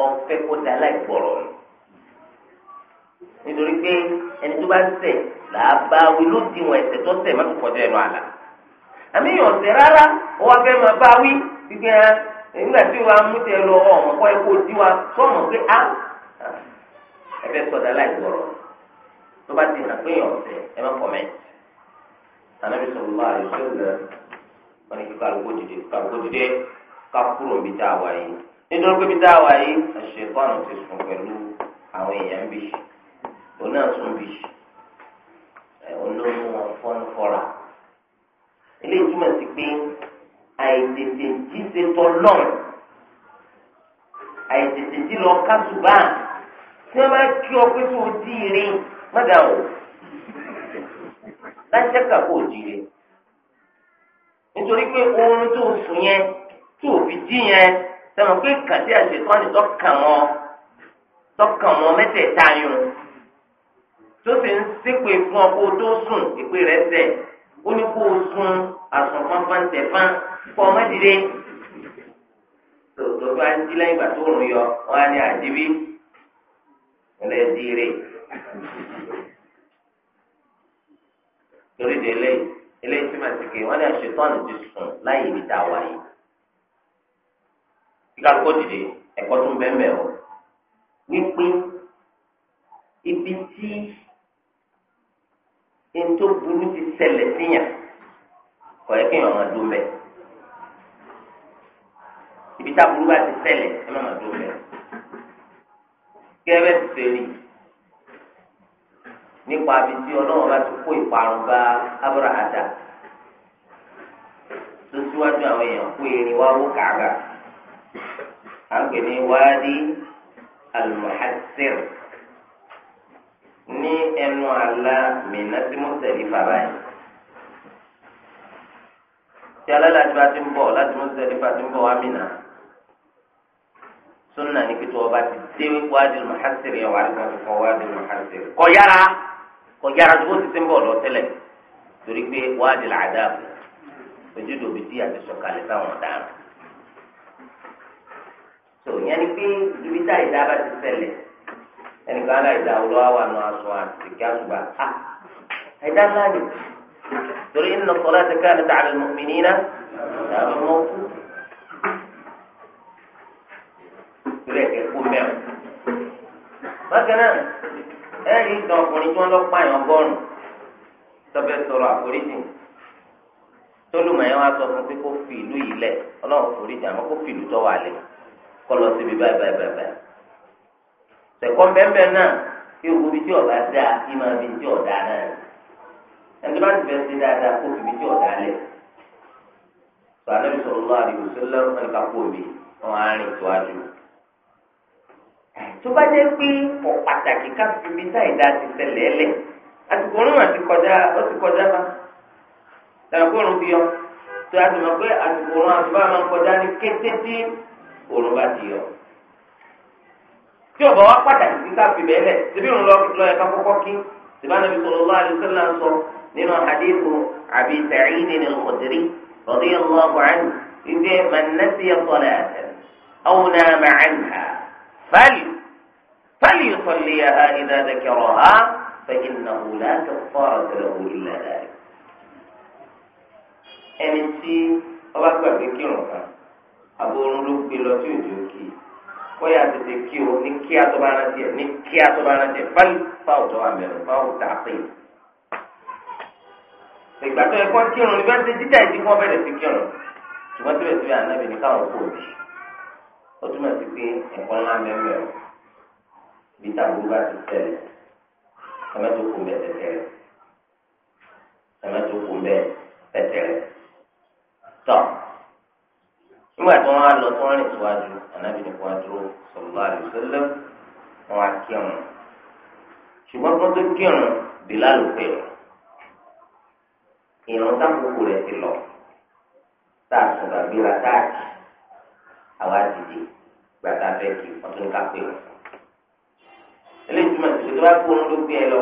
ọ̀fẹ́ kó da aláìgbọ̀rọ̀ ni nítorí pé ẹni tó bá ṣẹ̀ làbá wí ló di wọn ẹ̀ṣẹ̀ tó ṣẹ̀ mọ́tò kọjá ẹnu àlà àmì yàn ọ̀ṣẹ̀ rárá wọ́n fẹ́ máa bá wí gbígbẹ́ ha ah, nígbà tí wàá mú tẹ lọ ọmọ kọ́ ẹ kó di wa pé ah, tó bá ti hàn pé yàn ẹ má fọ̀ a wáyé. nítorí pé bí dáwà yìí àṣekọ́nù ti sùn pẹ̀lú àwọn èèyàn bì òun náà sùn bì olóhùn wọn fọ́nù fọ́ra ilé ìtumọ̀ sí pé àìtètè jí ṣe tọ́ lọ́n àìtètè jí lọ kásùbà tí wọ́n bá kí ọ pé tó dí ire mọ́gà o láṣẹ kà kó jí ire nítorí pé oorun tó sùn yẹn tó fi jí yẹn sẹ́mu pé kàdí àṣetọ́ni tọ́kàn wọn tọ́kàn wọn mẹ́tẹ̀ẹ̀ta yun tó sì ń ṣépè fún ọ kó o tó sùn ìpè rẹ̀ sẹ̀ ó ní kó o sun àsùnfánfán tẹ̀fán kó o mẹ́dìde tòótọ́ bá ń di lẹ́yìn ìgbà tó rùn yọ wọn á ní àdébí ẹlẹ́dìrè torí de eléyìí eléyìí tí màá ti ké wọn ní àṣetọ́ni ti sùn láyé ìdá wáyé. kíkàkó dìde ẹ̀kọ́ tún o ibi tí ètò burú ti ṣẹlẹ̀ síyàn kọ̀ ẹ́ kéèyàn máa dún mẹ. ibi ta burú ba ti ṣẹlẹ̀ ẹ má máa dún bẹ́ẹ̀ kí ẹ abi ti ṣe bá ti kó ìparun bá abúlé àdá tó àwọn èèyàn kó àgbẹ̀ ní wáàdí almuhassir ní ẹnu àlá mìnàtìmọ́sẹ̀lì fàbáyé tí alálàájú bá ti ń bọ̀ láti mọ́sẹ̀lì fà ti ń bọ̀ wá mìnà sunna ni pé tó o bá ti dé wáàdí almuhassir yẹn wà á lè fọ wáàdí almuhassir kọ yára tó ti ti ń bọ̀ lọ torí pé wáàdí làdá ojúdòbí tí a ti sọ̀kalẹ̀ táwọn ọ̀daràn tó yẹn ni pé ibi tá ìdá bá ti ṣẹlẹ̀ ẹnìkan náà ìdá olówó àwọn àna aṣọ àti kíásùgbà á ìdá náà ni torí inna salata kanat ala al-mu'minina ìdáwó mọ́ kú. ìrẹ̀ ẹ̀kú mẹ́rin. bákan náà ẹ̀rí ìtàn ọkùnrin tí wọ́n lọ pààyàn ọgọ́rùn-ún tọ́bẹ̀ sọ̀rọ̀ àforíjì tólùmọ̀ yẹn wá sọ fún pé kó fi ìlú yìí lẹ̀ ọlọ́run foríjì àmọ́ kó fi ìlú tọ́ wà lẹ̀ kọlọ síbi báyìí báyìí báyìí sẹ̀kọ́ bẹ́ẹ̀ náà kí ewu bíi tí ọ̀dà dáa kí máa bíi tí ọ̀dà náà ẹni bá ti fẹ́ sí dáadáa kó bíi tí ọ̀dà lẹ̀ sọ ànábì sallallahu alaihi wasallam ẹ̀ka kó mi wọn á rìn tó àjò tó bá jẹ́ pé pọ̀ pàtàkì ká fi mi táyì dá ti tẹ̀lé lẹ̀ àsìkò òórùn àti kọjá ó ti kọjá bá tàbí kó òórùn fi yọ tó a ti mọ̀ pé àsìkò òórùn àti bá máa kọjá ní kété tí òun bá ti yọ. tí ọba wá pàtàkì sí káfí bẹ́ẹ̀lẹ̀ síbí òun lọ ẹ̀ka kọ́kọ́ kí síbá nàbí sallallahu alaihi wasallam sọ nínú hadithu Abi Sa'id al-Khudri radiyallahu anhu ìgbé man nasiya salatan aw nama anha fal falyusalliha idha dhakaraha fa innahu la kaffarata lahu illa dhalik. ẹni tí ọba gbàgbé kírun kan aborun ló gbé lọ tí òjò kì í kọ́yà tètè kí o ní kí atọ́ba ara tiẹ̀ ní kí atọ́ba ara tiẹ̀ báyìí fáwọ̀ tó wà mẹ́rin fáwọ̀ tà pé. ìgbà tó ẹ̀kọ́ kírun níbẹ̀ ṣe dídá ìdí wọn bẹ̀rẹ̀ sí kírun ṣùgbọ́n síbẹ̀síbẹ̀ ànábì ní káwọn kò bí ó túmọ̀ sí pé ẹ̀kọ́ ńlá mẹ́mẹ́ o bí tàbí bá ti tẹ̀lé ẹ̀mẹ́tò kò mẹ́ tẹ̀tẹ̀rẹ̀ ẹ̀mẹ́tò kò mẹ́ tẹ̀tẹ̀rẹ̀ tọ́ nígbà tí wọ́n á lọ tí wọ́n rìn síwájú ànábì ní wọ́n dúró sallallahu alaihi wasallam wọ́n á kírun ṣùgbọ́n kí wọ́n tó kírun Bilal pè wọ́n ìrún sáfùkù rẹ̀ ti lọ tá a sùn gbàgbéra táàkì àwa dìde gbàtà fẹ́ kí wọ́n tó ní ká pè wọ́n eléyìí túmọ̀ tó bá kó ohun ló gbé ẹ lọ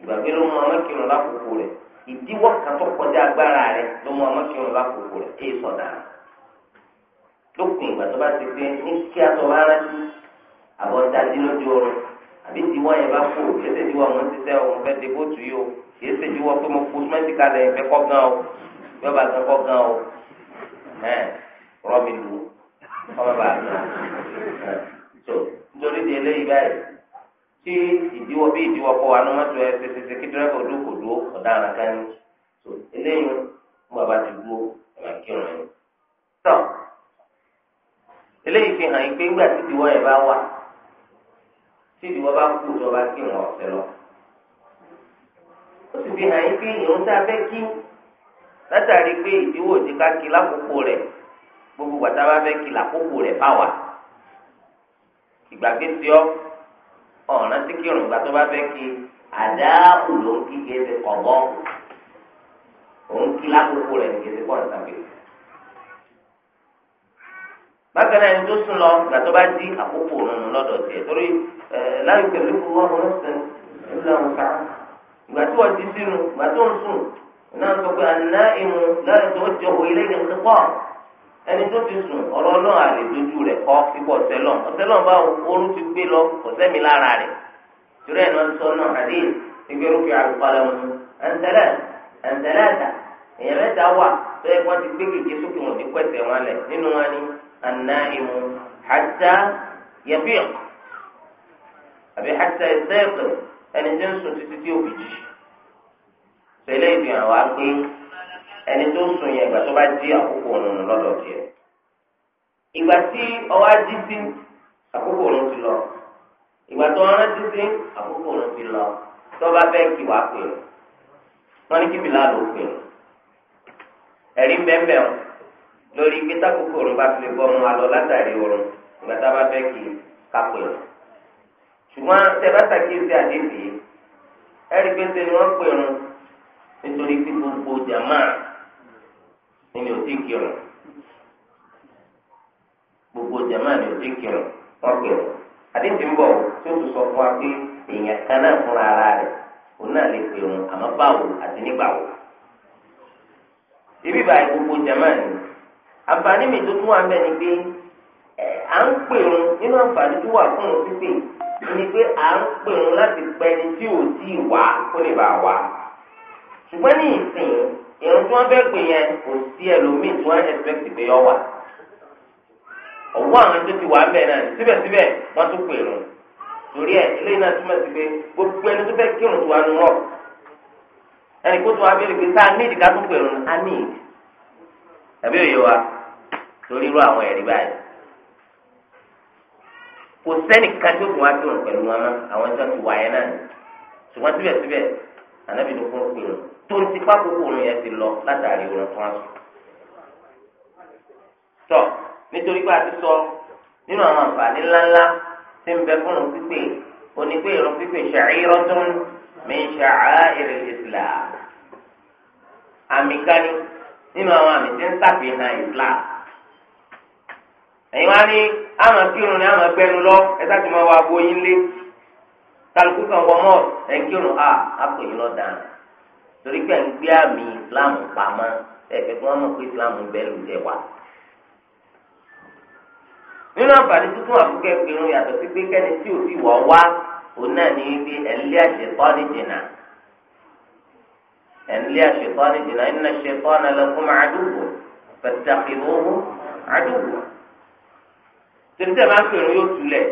ìgbàgbé ló mú ọmọ kírun lákòókò rẹ̀ ìdíwọ́ kan tó kọjá agbára rẹ̀ ló mú ọmọ kírun lákòókò rẹ̀ èyí sọ̀dà rẹ̀ lópin ìgbà tó bá ti pé ní kí aṣọ bá rántí àbọ̀ dájú lójú oorun àbí tiwọ́ yẹn bá kú yéésè tiwọ́ mo ti sẹ́ òun fẹ́ ti bóòtù yìí o yéésè tiwọ́ pé mo kú símẹ́ǹtì kalẹ̀ ìfẹ́ kọ́ gan o yọba kan kọ́ gan o ẹ̀ rọ́bì lu ọmọ bàbá ẹ̀ tó nítorí di eléyìí báyìí tí ìdíwọ́ bí ìdíwọ́ kọ́ wa ní ṣẹṣẹṣẹ kí dírẹ́fà ojú kò dúró ọ̀daràn kan ní tó eléyìí bàbá ti dúró ẹ̀ máa kírun ẹ̀ tó eléyìí fi hàn yín pé ńgbà tí ìdíwọ́ yẹn bá wà tí ìdíwọ́ bá kú tó bá kí wọn ọ̀sẹ̀ lọ. ó sì fi hàn yín pé ìrún tá a fẹ́ kí látàrí pé ìdíwọ́ òdì ká kí lákòókò rẹ̀ gbogbo gbàtà bá fẹ́ kí lákòókò rẹ̀ fáwà. ìgbàgbé tí ọ ọ̀ràn tí kírun ìgbà tó bá fẹ́ kí àdáàkù ló ń kí kéde kọ̀ọ̀bọ̀ òun kí lákòókò rẹ̀ kéde kọ̀ọ̀sán bèèrè. bákan náà ẹni sùn lọ gbà bá di àkókò òun lọdọ tiẹ̀ torí láyé pẹ̀lú fúnwọ́n ọ̀hún ṣe ńlá ń fa ìgbà tí wọ́n ti sínú ìgbà tó ń sùn náà sọ pé àná ìmú láyé tó ti ọ̀hún ilé yẹn ti ti sùn náà bá oorun ti gbé lọ lára torí النائم حتى يفيق أبي حتى يستيقظ ẹni eze ń sùn títí tí òbí jì pẹlẹ ìfihàn wa pé ẹni tó sùn yẹn ìgbà tó bá di àkókò òun lọ́dọ̀ tiẹ̀ ìgbà tí ọwọ́ ají sí àkókò òun ti lọ ìgbà tó ọrán ti sí àkókò òun lórí pé tákòkò òrùn bá fi lè bọ́ ọmọ àlọ́ látàrí òrùn ìgbà tá a bá fẹ́ kí kápẹ́ rẹ̀ ṣùgbọ́n tẹ́bátà kíyèsí àdébì ẹ̀rí pé ṣe ni wọ́n pè rún nítorí pé gbogbo jàmá ni ò ti kírun gbogbo jàmá ni ò ti kírun wọ́n pè rún àdébì ń bọ̀ tí ó tún sọ fún wa pé èèyàn kan náà fúnra ara rẹ̀ òun náà lè pè rún àmọ́ báwo àti nígbà ibi báyìí gbogbo jàmá ni àǹfààní mi tó tún wà mẹ́ ni pé à ń pèrún nínú àǹfààní tó wà fún un pípé ni pé à ń pèrún láti pẹ́ ni tí ò tí ì wá kó lè bá wá ṣùgbọ́n ní ìsìn ìrùn tí wọ́n fẹ́ pè yẹn kò sí ẹlòmíì tí wọ́n expect pé yọ wà ọ̀wọ́ àwọn tó ti wà bẹ́ẹ̀ náà síbẹ̀síbẹ̀ wọ́n tún pèrún torí ẹ̀ eléyìí náà túmọ̀ sí pé gbogbo ẹni tó fẹ́ kírun tó wà nù rọ̀ ẹnì kó tó wà bẹ́ẹ̀ pé sáà ní ìdíkà tó pèrún á àbí òye wa torí irú àwọn ẹ̀rí báyìí kò sẹ́nìkan tó kún wá tó rìn pẹ̀lú wọn mọ́ àwọn tó ti wà yẹn náà ṣùgbọ́n síbẹ̀síbẹ̀ ànábì ló kún pè wọn tó ń tipa gbogbo òun yẹn ti lọ látàrí òun tó wọn sùn. tọ́ nítorí pé a ti sọ nínú àwọn àǹfààní ńláńlá tí ń bẹ fún òun pípé òní pé ìrún pípé sha'iratun min sha'a'iril islam àmì kání nínú àwọn àmì tí ń ṣàfihàn Islam ẹ̀yin wá ní àmọ̀ kírun ní àmọ̀ gbẹnu lọ ẹ sáà ti máa wá abo yín lé kálukú kan wọ mọ́ ẹ̀ ń kírun a àpò yín lọ dàn torí pé ẹ̀ ń gbé àmì Islam pamọ́ ẹ̀ fẹ́ kí wọ́n mọ̀ pé Islam bẹ́ẹ̀ ló tẹ̀ wá nínú àǹfààní tuntun àfikẹ́ pinnu yàtọ̀ sí pé kẹ́ni tí òfin wọ̀ wá òun náà ní ibi ẹ̀lẹ́ àṣetọ́ ní jìnnà ẹnlẹ àṣetọ́ni dìnnà iná ṣetọ́ni lẹ́kùn àdúgbò pẹ̀tàkìlóhùn àdúgbò. tẹ̀síṣẹ́ máa ń pè irun yóò túlẹ̀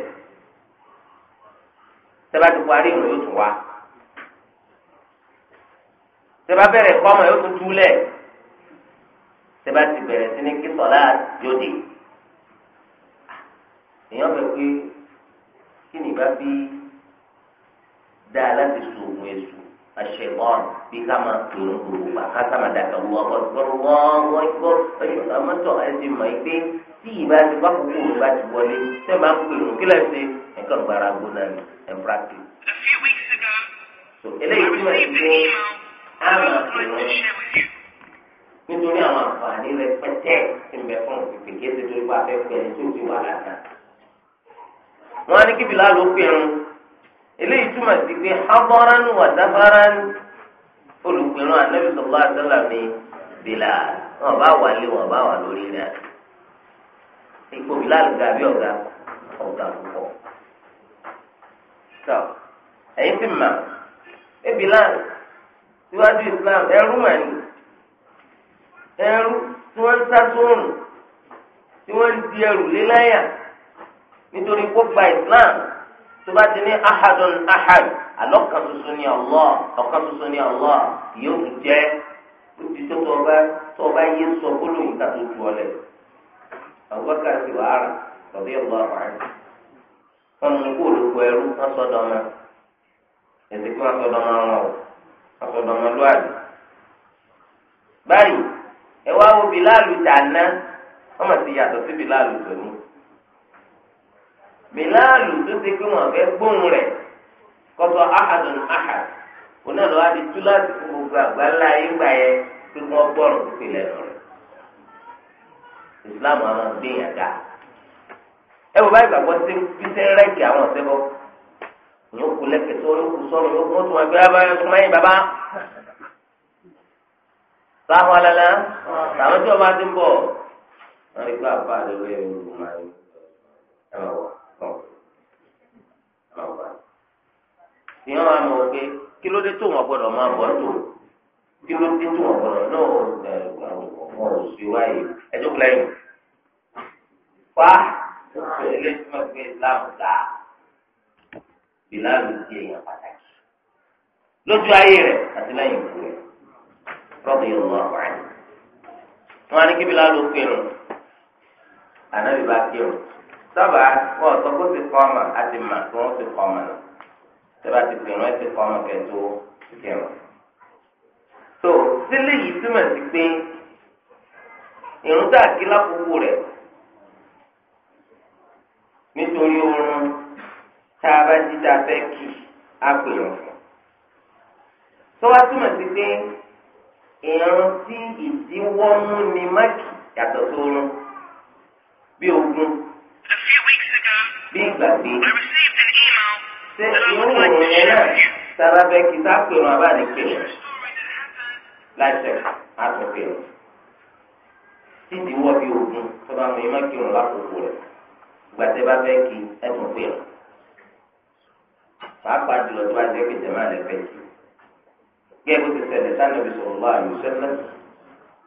tẹ́bá ti parí irun yóò tún wá tẹ́bá bẹ̀rẹ̀ kọ́mọ yóò tún túlẹ̀ tẹ́bá ti bẹ̀rẹ̀ sí ní kí sọ̀lá èèyàn bẹ̀ pé kí ni ìbá fi dáa láti sùn òun èso. الشيطان بكما تنقل فختم ذاك الله أكبر الله أكبر فما تؤدي ما يبين tí ìbá ti bá kúkú mi bá ti wọlé tẹ́ máa ń pèrò kí lẹ́ẹ̀ ṣe nǹkan gbára gbóná ni ẹ̀ ń practice. so eléyìí túmọ̀ sí pé a máa pèrò nítorí àwọn àǹfààní rẹpẹtẹ tí ń bẹ fún ìpèkè tó tó bá fẹ́ pẹ́ ní tó ti wà látà. wọ́n á ní kíbi láàlú pẹ̀rùn eléyìí túmọ̀ sí pé habọ́rán wà dáfárán olùpẹ̀rún ànábì sọ̀rọ̀ àtàlà mi bìlà wọn bá wà lé wọn bá wà lórí rẹ̀ ipò bìlà lùgà bí ọ̀gá ọ̀gá púpọ̀. tọ́ ẹ̀yin ti mà ẹ bìlà síwájú Islam ẹrú mà ní ẹrú tí wọ́n ń sá sóòrùn tí wọ́n ń di ẹrù lé nítorí kó Islam. tó ti ní ahadun ahad àlọ́ kan ṣoṣo Allah ọ̀kan ṣoṣo Allah yóò jẹ́ ojú tó tó ọba tó ọba yé sọ gbólóhùn ká ọ Abubakar ti wà ára lọ́bí ọ̀gbà àbáyé. Wọ́n mú kó olùkọ́ wo bilalu tó ṣe pé wọn fẹ́ gbóhùn rẹ̀ kọsọ ahadun ahad oní ọ̀dọ̀ wa di tú láti fún gbogbo àgbà ńlá yín gbà yẹ pé wọ́n gbọ́rùn pípé lẹ́nu rẹ̀ islam àwọn gbìyàn dá ẹ wò báyìí gbàgbọ́ sí bísí rẹ́ẹ̀kì àwọn ọ̀sẹ̀ bọ́ yóò kú lẹ́kẹ̀ẹ́ tó yóò kú sọ́rọ̀ yóò kú mọ́tò wọn gbé abáyọ fún mẹ́yìn bàbá láwọn alẹ́ náà àwọn tí wọ́n bá ti ń bọ̀ wọ́n rí àbá àdéhùn ẹ̀ ń rú màá ìyẹn wà mọ̀ pé kí ló dé tó wọn gbọdọ̀ máa bọ̀ tó kí ló dé tó wọn gbọdọ̀ náà wọn ò sí wáyé ẹjọ́ kílẹ̀ yìí fa eléyìí tó gbé Islam dá Bilal ti èèyàn pàtàkì lójú ayé rẹ̀ àti lẹ́yìn ìlú rẹ̀ rọ́bì yìí lọ́wọ́ àpáyé wọn á ní kí Bilal pè rùn ànábì bá pè sábà wọn ò sọ pé ó ti kọ́ ọmọ àti mà tí wọ́n ti kọ́ ọmọ náà tẹ́lá ti pè wọ́n ẹsẹ̀ kọ́ ọmọ kẹtó kẹrùn. tó sílé yìí túmọ̀ sí pé ìrún dàgí lákòókò rẹ̀ nítorí oorun tá a bá jí tá a fẹ́ kí a pè wọ́n fún. tó wá túmọ̀ sí pé ìrún tí ìdíwọ́ mú ni máàkì yàtọ̀ sórun bí ogun bí ìgbàgbé ṣé irú òun yẹn náà sára bẹ kí sá pè wọn abáàdé pè wọn láìsẹ àtọ pè wọn títí wọ bí ogun tó bá mú ìmọ̀ kí wọn lákòókò rẹ gbàtẹ́ bá fẹ́ kí ẹ̀tún pè wọn pàápàá jùlọ tó bá jẹ́ pé jẹ̀má lẹ fẹ́ kí kí ẹ bó ti ṣẹlẹ̀ sani bí sọ̀rọ̀ lọ́wọ́ àlùsẹ́lẹ̀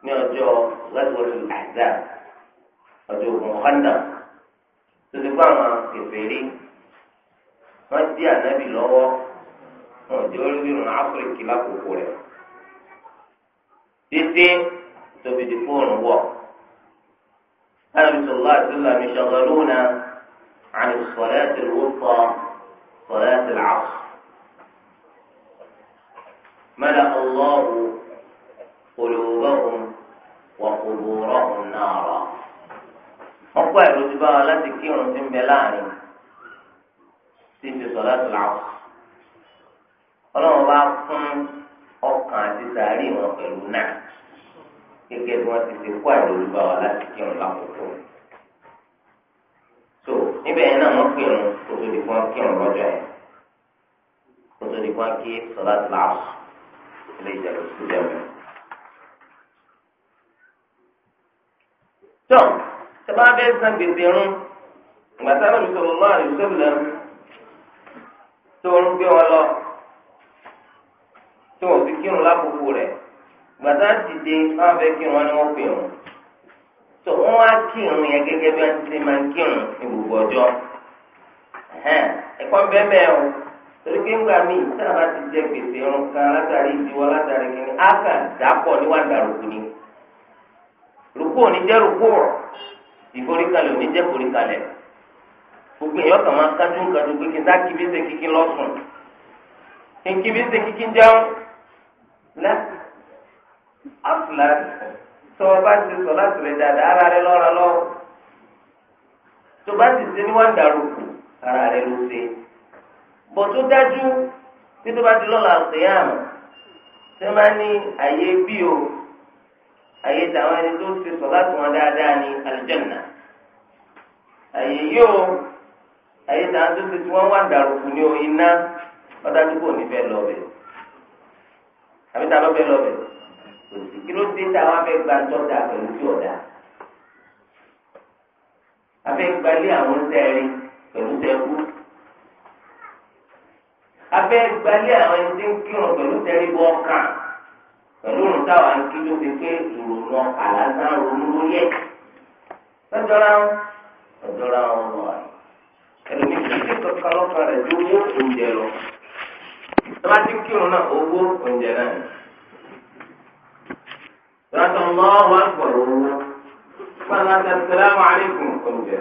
ní ọjọ́ lẹ́tọ̀ọ̀tù àdá ọjọ́ ògùn kọ́ńdà tó ti fún àwọn kẹfẹ́ rí wọ́n dí ànábì lọ́wọ́ wọ́n di olùdírun áfíríkì lákòókò rẹ̀ títí tóbi di fóònù wọ̀ ànábì sọ̀rọ̀ àti làmì ṣàgbọ́lùnà àni sọ̀rọ̀ àti lùwọ́pọ̀ sọ̀rọ̀ àti làásù. ملأ الله قلوبهم وقبورهم نارا. ọ̀pọ̀ ẹ̀rọ ti bá wọn láti kírun tí ń bẹ láàrin tí ń ṣe sọlá tó làwọn ọlọ́run bá fún ọkàn àti sàárì wọn pẹ̀lú náà gẹ́gẹ́ bí wọ́n ti ṣe kó àìlórí bá wa láti kírun lákòókò so níbẹ̀ yẹn náà wọ́n kírun kó tó di kó wọ́n kírun lọ́jọ́ yẹn kó tó di kó wọ́n kí sọlá tó làwọn ilé ìjẹun sí lẹ́wọ̀n. tọ́ tẹ bẹ́ẹ̀ san gbèsè rún ìgbà táwọn olùsọ̀rọ̀ lọ́wọ́ àdìsọ́bù lẹ́nu. tó ń gbé wọn lọ tí wọn fi kírun lákòókò rẹ̀ gbàtà dìde wọn fẹ́ kírun wọn ni wọn pè wọn tó wọn wá kírun yẹn gẹ́gẹ́ bí wọn ti ṣe máa kírun ní gbogbo ọjọ́ ẹ̀kọ́ bẹ́ẹ̀ bẹ́ẹ̀ o torí ti jẹ gbèsè kan látàrí ìdíwọ́ látàrí á kà níwájú àrùkù ni rùkù ò ní jẹ́ rùkù rọ̀ ìforíkalẹ̀ ò ní jẹ́ foríkalẹ̀ gbogbo èèyàn kàn máa kájú kájú pé kí n sáà kíbi ṣe kíkí lọ́sùn kí n kíbi ṣe kíkí jẹun lẹ́ àfúlà tó o bá ti sọ láti rẹ̀ dáadáa ara rẹ lọ́ra lọ́wọ́ tó o bá ti ṣe níwọ̀n dàrúkù ara rẹ ló ṣe bọ̀ tó dájú tí tó bá ti lọ́la àṣeyàmù tí wọ́n bá ní àyè bí o àyè tàwọn ẹni tó ti sọ láti wọn dáadáa ní àlùjànnà àyè yóò ayé tá a tó ṣe tí wọ́n wà dàrúkú ní o iná ọ̀dájú kò ní fẹ́ lọ bẹ̀ àbí tá a lọ fẹ́ lọ bẹ̀ òsì kí ló dé táwọn afẹ́ gba tọ́jà pẹ̀lú tí ọ̀dà afẹ́ gbalé àwọn sẹ́ẹ̀rì pẹ̀lú sẹ́ẹ̀kú afẹ́ gbalé àwọn ẹni tí ń kírun pẹ̀lú sẹ́ẹ̀rì bọ́ kàn pẹ̀lú òun táwọn akí tó fi pé ìrònú ọkà lásán ronú lórí ẹ̀ lọ́jọ́ra wọn lọ́jọ́ra wọn ẹlòmíì kì í ṣe rẹ̀ ju owó oúnjẹ lọ tọ́lá kírun náà owó oúnjẹ náà ni tọ́lá tó ń lọ́ wọn gbọ̀rọ̀ owó fúnra tó sàlámù aláìkùm oúnjẹ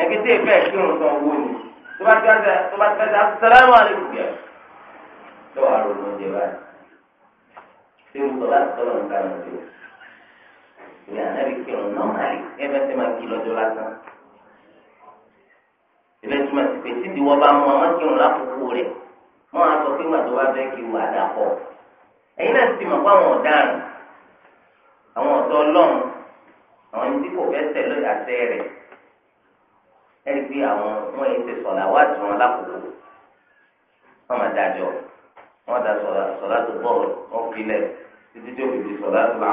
ẹgbẹ́tẹ́ ìfẹ́ kírun tán owó ni tó bá tó bá tó bá sàlámù aláìkùm yẹ tó wà lóun oúnjẹ báyìí tí mo sọ láti tọ́lọ̀ nǹkan náà ti wọ́n ìyá náà lè kí ọ̀nà náà lè ẹgbẹ́ tí máa kí lọ́jọ́ lásán. ìbẹ́ tí máa ti pèsè ìdíwọ́ bá mú àwọn kí òun lákòókò rẹ̀ wọ́n á sọ pé màtó bá fẹ́ kí wà dàpọ̀. ẹ̀yin náà ti mọ̀ pé àwọn ọ̀daràn àwọn ọ̀tọ̀ ọlọ́run àwọn ẹni tí kò fẹ́ tẹ̀lé àṣẹ rẹ̀ ẹni pé àwọn wọn yìí ti sọ̀lá wá tí wọn lákòókò wọn máa dájọ́ wọn dá sọ̀lá tó bọ̀ wọn fi lẹ̀ títí tí ó fi di sọ̀lá tó bá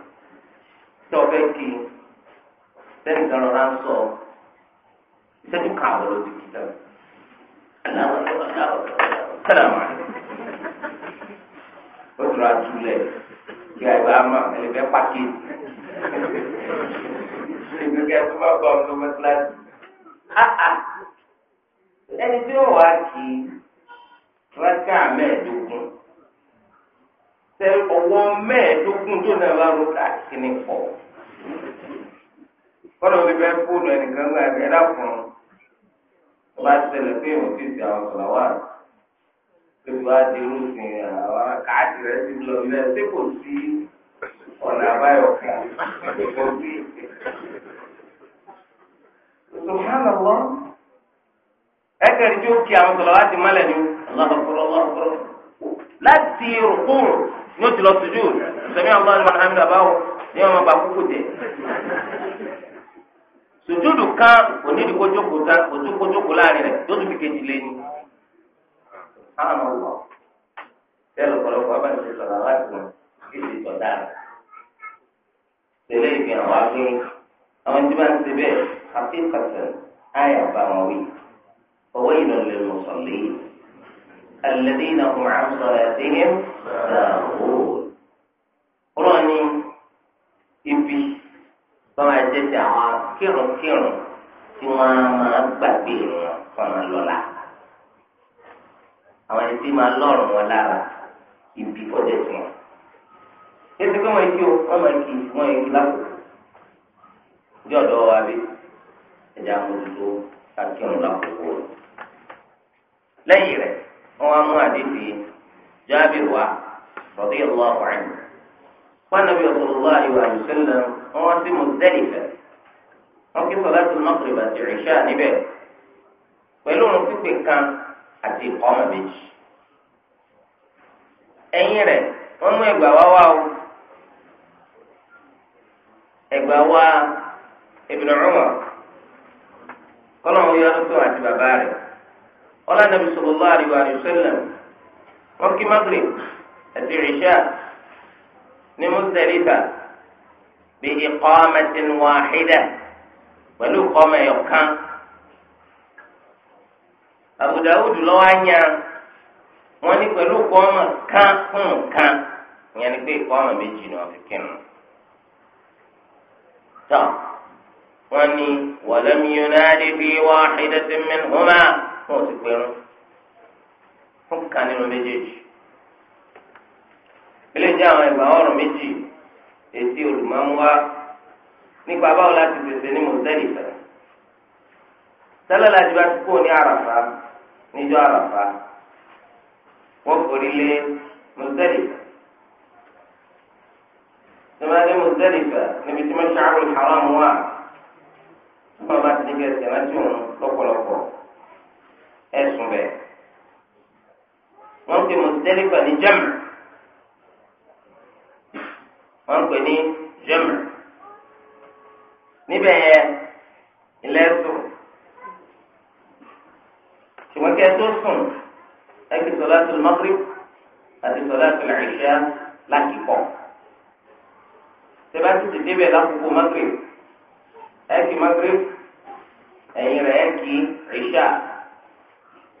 tí wọ́n fẹ́ kí lẹ́yìn tó rọra ń sọ ìṣẹ́jú kan àbọ̀ ló ti kí tẹ́lẹ̀. Sálàmù àlẹ́. Ó tura túlẹ̀ kí àgbà máa ẹ̀lẹ́ fẹ́ pàkí. Ìgbéga tó bá bọ̀ ọ́n tó bá kíláàsì. Ẹni tí ó wá kí rákà mẹ́ẹ̀ẹ́dógún tẹ ọwọ́ mẹ́ẹ̀ẹ́dógún tó náà bá ro káàkiri pọ̀ kọ́nà òbí bẹ́ẹ̀ fóònù ẹnìkan gbà ẹ̀ dákun ọba ṣẹlẹ̀ pé ìwọ̀n ti ṣe àwọn sọ̀rọ̀ wà pẹ̀lú adéròsìn àwọn káàkiri rẹ̀ ti lọ ilẹ̀ tí kò sí ọ̀nà àbáyọ kan kò sí. Subhanallah ẹ̀kẹ́rì tí ó kí àwọn sọ̀rọ̀ láti mọ́lẹ̀ ni ọlọ́kọ̀ọ́kọ́rọ́ láti rùkúrù yóò ti lọ sojú sẹmi àwọn ọmọ àmì bàbá o ní ọmọ bàbá kúkú jẹ sojúdù kan onídìí kójókòó ta kójókòó láàrin rẹ tó tún fi kejì lé ní. àwọn ọmọ wọn tẹ́lẹ̀ ọ̀pọ̀lọpọ̀ abájọ sọ̀rọ̀ àwọn àti wọn kí lè tọ̀ dáa tẹ́lẹ̀ ìgbìyànjú wa pé àwọn tí wọn ti bẹ́ẹ̀ àfihàn àyà bá wọn wí ọwọ́ ìlànà lè mọ̀ sọ̀lẹ́ yìí. الذين هم عن صلاتهم ساهون ọlọ́ni ibi wọ́n máa jẹ́ ti àwọn kírùnkírùn tí wọ́n máa gbàgbé wọn fọmọ lọ́la àwọn ẹni tí máa lọ́rùn wọn lára ibi kọjá tí wọn. ètò pé wọ́n kí wọ́n máa kí wọ́n yẹ lápò ní ọ̀dọ́ wa bí ẹ̀jẹ̀ àmójútó akírun lápò wọ́n. lẹ́yìn rẹ̀. wọn wá mú àdéhìí Jabir wa radiyallahu anhu wọn nàbí sallallahu alaihi wa wọn wọn kí ìṣá òun pípé kan àti méjì mú ẹgbà wá wá o ẹgbà wá yọ ọdún tó àti ọlá nàbí sallallahu alaihi wa sallam wọn kí Maghrib àti ìṣá ní Muzdalifa bí iqamatin wahida pẹ̀lú kọ́mọ ẹ̀yọ̀kan Abu Dawud lọ́wọ́ anya wọn ní pẹ̀lú kọ́mọ kan fún kan ìyẹn ni pé kọ́mọ méjì ni wọ́n fi kírun tán wọn ní walam yunadi fi wahidatin minhuma fún òsì pẹrun fún kíkà nínú méjèèjì ilé jẹ àwọn ìgbà ọrùn méjì èsì olùmọ̀múwá nípa báwo láti pèsè ní mọ̀tẹ́lìfẹ́ sálẹ̀ láti bá ti kúrò ní àràfà níjọ́ àràfà wọ́n forí lé mọ̀tẹ́lìfẹ́ tẹmẹtẹ mọtẹlifẹ níbi tí mẹsàárù haram wà fún ọba tí nígbà tẹmẹtẹ òun lọ́pọ̀lọpọ̀ ẹ̀sùn bẹ̀. wọ́n ti Muzdalifa ní jẹ́mù wọ́n ń pè ní jẹ́mù níbẹ̀ yẹn ilẹ̀ sùn ṣùgbọ́n kẹ́ ẹ tó sùn ẹ kí sọ̀láàtù Maghrib àti sọ̀láàtù Ìṣá lákìkọ̀ tẹ́lá ti ti débẹ̀ lákòókò Maghrib ẹ kí Maghrib ẹ̀yìn rẹ̀ ẹ kí Ìṣá.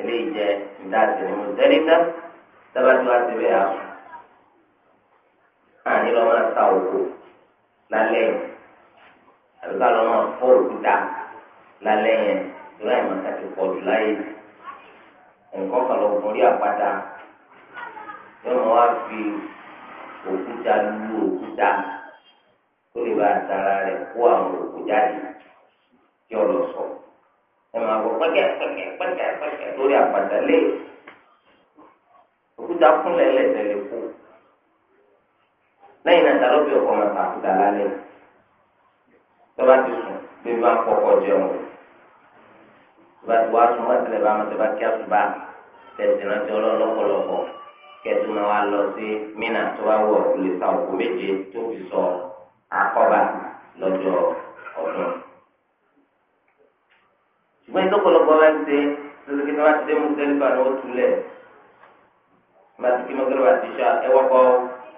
eléyìí jẹ ìdáàbò ní mùsẹ̀lẹ́fẹ́ sábàtì wá síbẹ̀ yà á ní lọ́ máa ta òkú lálẹ́ yẹn àbí ká lọ́ máa fọ́ òkúta lálẹ́ yẹn ìrọ̀ àìmọ̀ ká ti pọ̀ jù láyé nǹkan kan lọ gun orí àpáta yóò máa wá fi òkúta lu òkúta tó lè bá a tara rẹ̀ kó àwọn òkú jáde kí ọ lọ sọ̀rọ̀ ẹ máa wọ pẹkẹ pẹkẹ pẹkẹ pẹkẹ lórí àpàtà lé òkúta kúnlẹ̀ lẹsẹ lè kú lẹ́yìn náà tàbí òbí ọkọ máa pàkúta lálẹ́ tọba ti sùn bébí máa kọ́kọ́ jẹun tọba ti wá sùn wọn tilẹ̀ bá wọn tọba kí àtúbà tẹsí rántí ọlọ́run lọ́pọ̀lọpọ̀ kẹtù máa wá lọ sí mínà tó bá wọ òkúlẹ̀ sa òkú méje tó fi sọ àkọ́bà lọ́jọ́ ọdún ṣùgbọ́n ètò ọ̀pọ̀lọpọ̀ máa ń ṣe lórí kí wọ́n ti dé mùsùlùmí àná ó túlẹ̀ láti kí mọ́tò wà tíṣà ẹ̀wọ́kọ́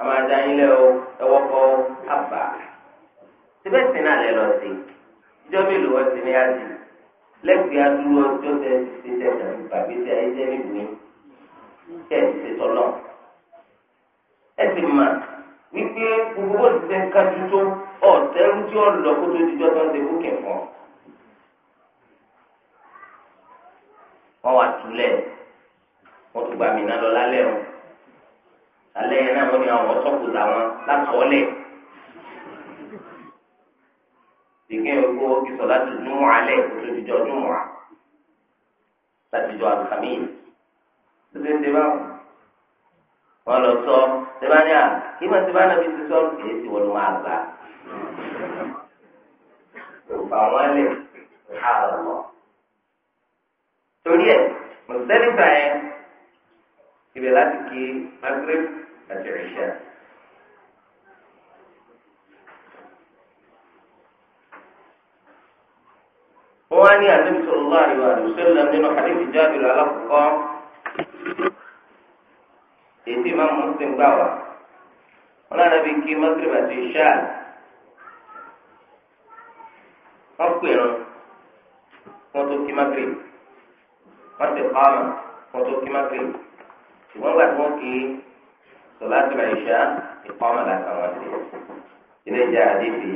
amájáyínlẹ̀ o ẹ̀wọ́kọ́ àbá síbẹ̀ sí náà lẹ lọ sí ìjọ mélòó wọ́n ti ní àjì lẹ́gbẹ̀ẹ́ adúrú ọjọ́ tẹ ti ṣe tẹ̀sán ìgbàgbé tí ayé jẹ́ níbù yín kẹ́ ẹ̀ ti ṣe tọ́lọ̀ wípé gbogbo bó ti ṣe ń kájú ọ̀tẹ́rú tí ó lọ kó tó ti jọ́ ń ṣe bókè fún wọ́n wá túlẹ̀ wọ́n tún gba mìíràn lọ lálẹ́ o alẹ́ yẹn náà wọ́n ní àwọn sọ́kù làwọn lásọ̀ọ́lẹ̀ ìgbẹ́ ogbó ìsọ̀ láti dùnmọ́ alẹ́ kótó ìjọ dùnmọ́ láti jọ àbùkàmí tó ṣe ṣe báwọn wọn lọ sọ tẹ́bánìá kí wọ́n ti bá nàbí ti sọ èyí ti wọ́n máa gbà. Àwọn ẹlẹ́yìn, ṣáà lọ torí ẹ̀ mọ̀sẹ́lífà yẹn ibẹ̀ láti kí magreth àti ìṣá. wọ́n á ní àdébísọ̀ lọ́wọ́ àríwá àdùsẹ́lẹ̀ nínú àdébí jábìlì alákọ̀ọ́kọ́ èyí tí ìmáàmù Muslim gbà wá wọn náà nàbí kí magreth àti ìṣá wọ́n pè wọ́n tó kí magreth wọ́n ti kọ́ ọ̀nà wọ́n tó kí má pé ṣùgbọ́n gbà tí wọ́n kì í sọlá tó bá ìṣá ìkọ́ ọ̀nà làkàn wọn sí ilé ìjà àdébì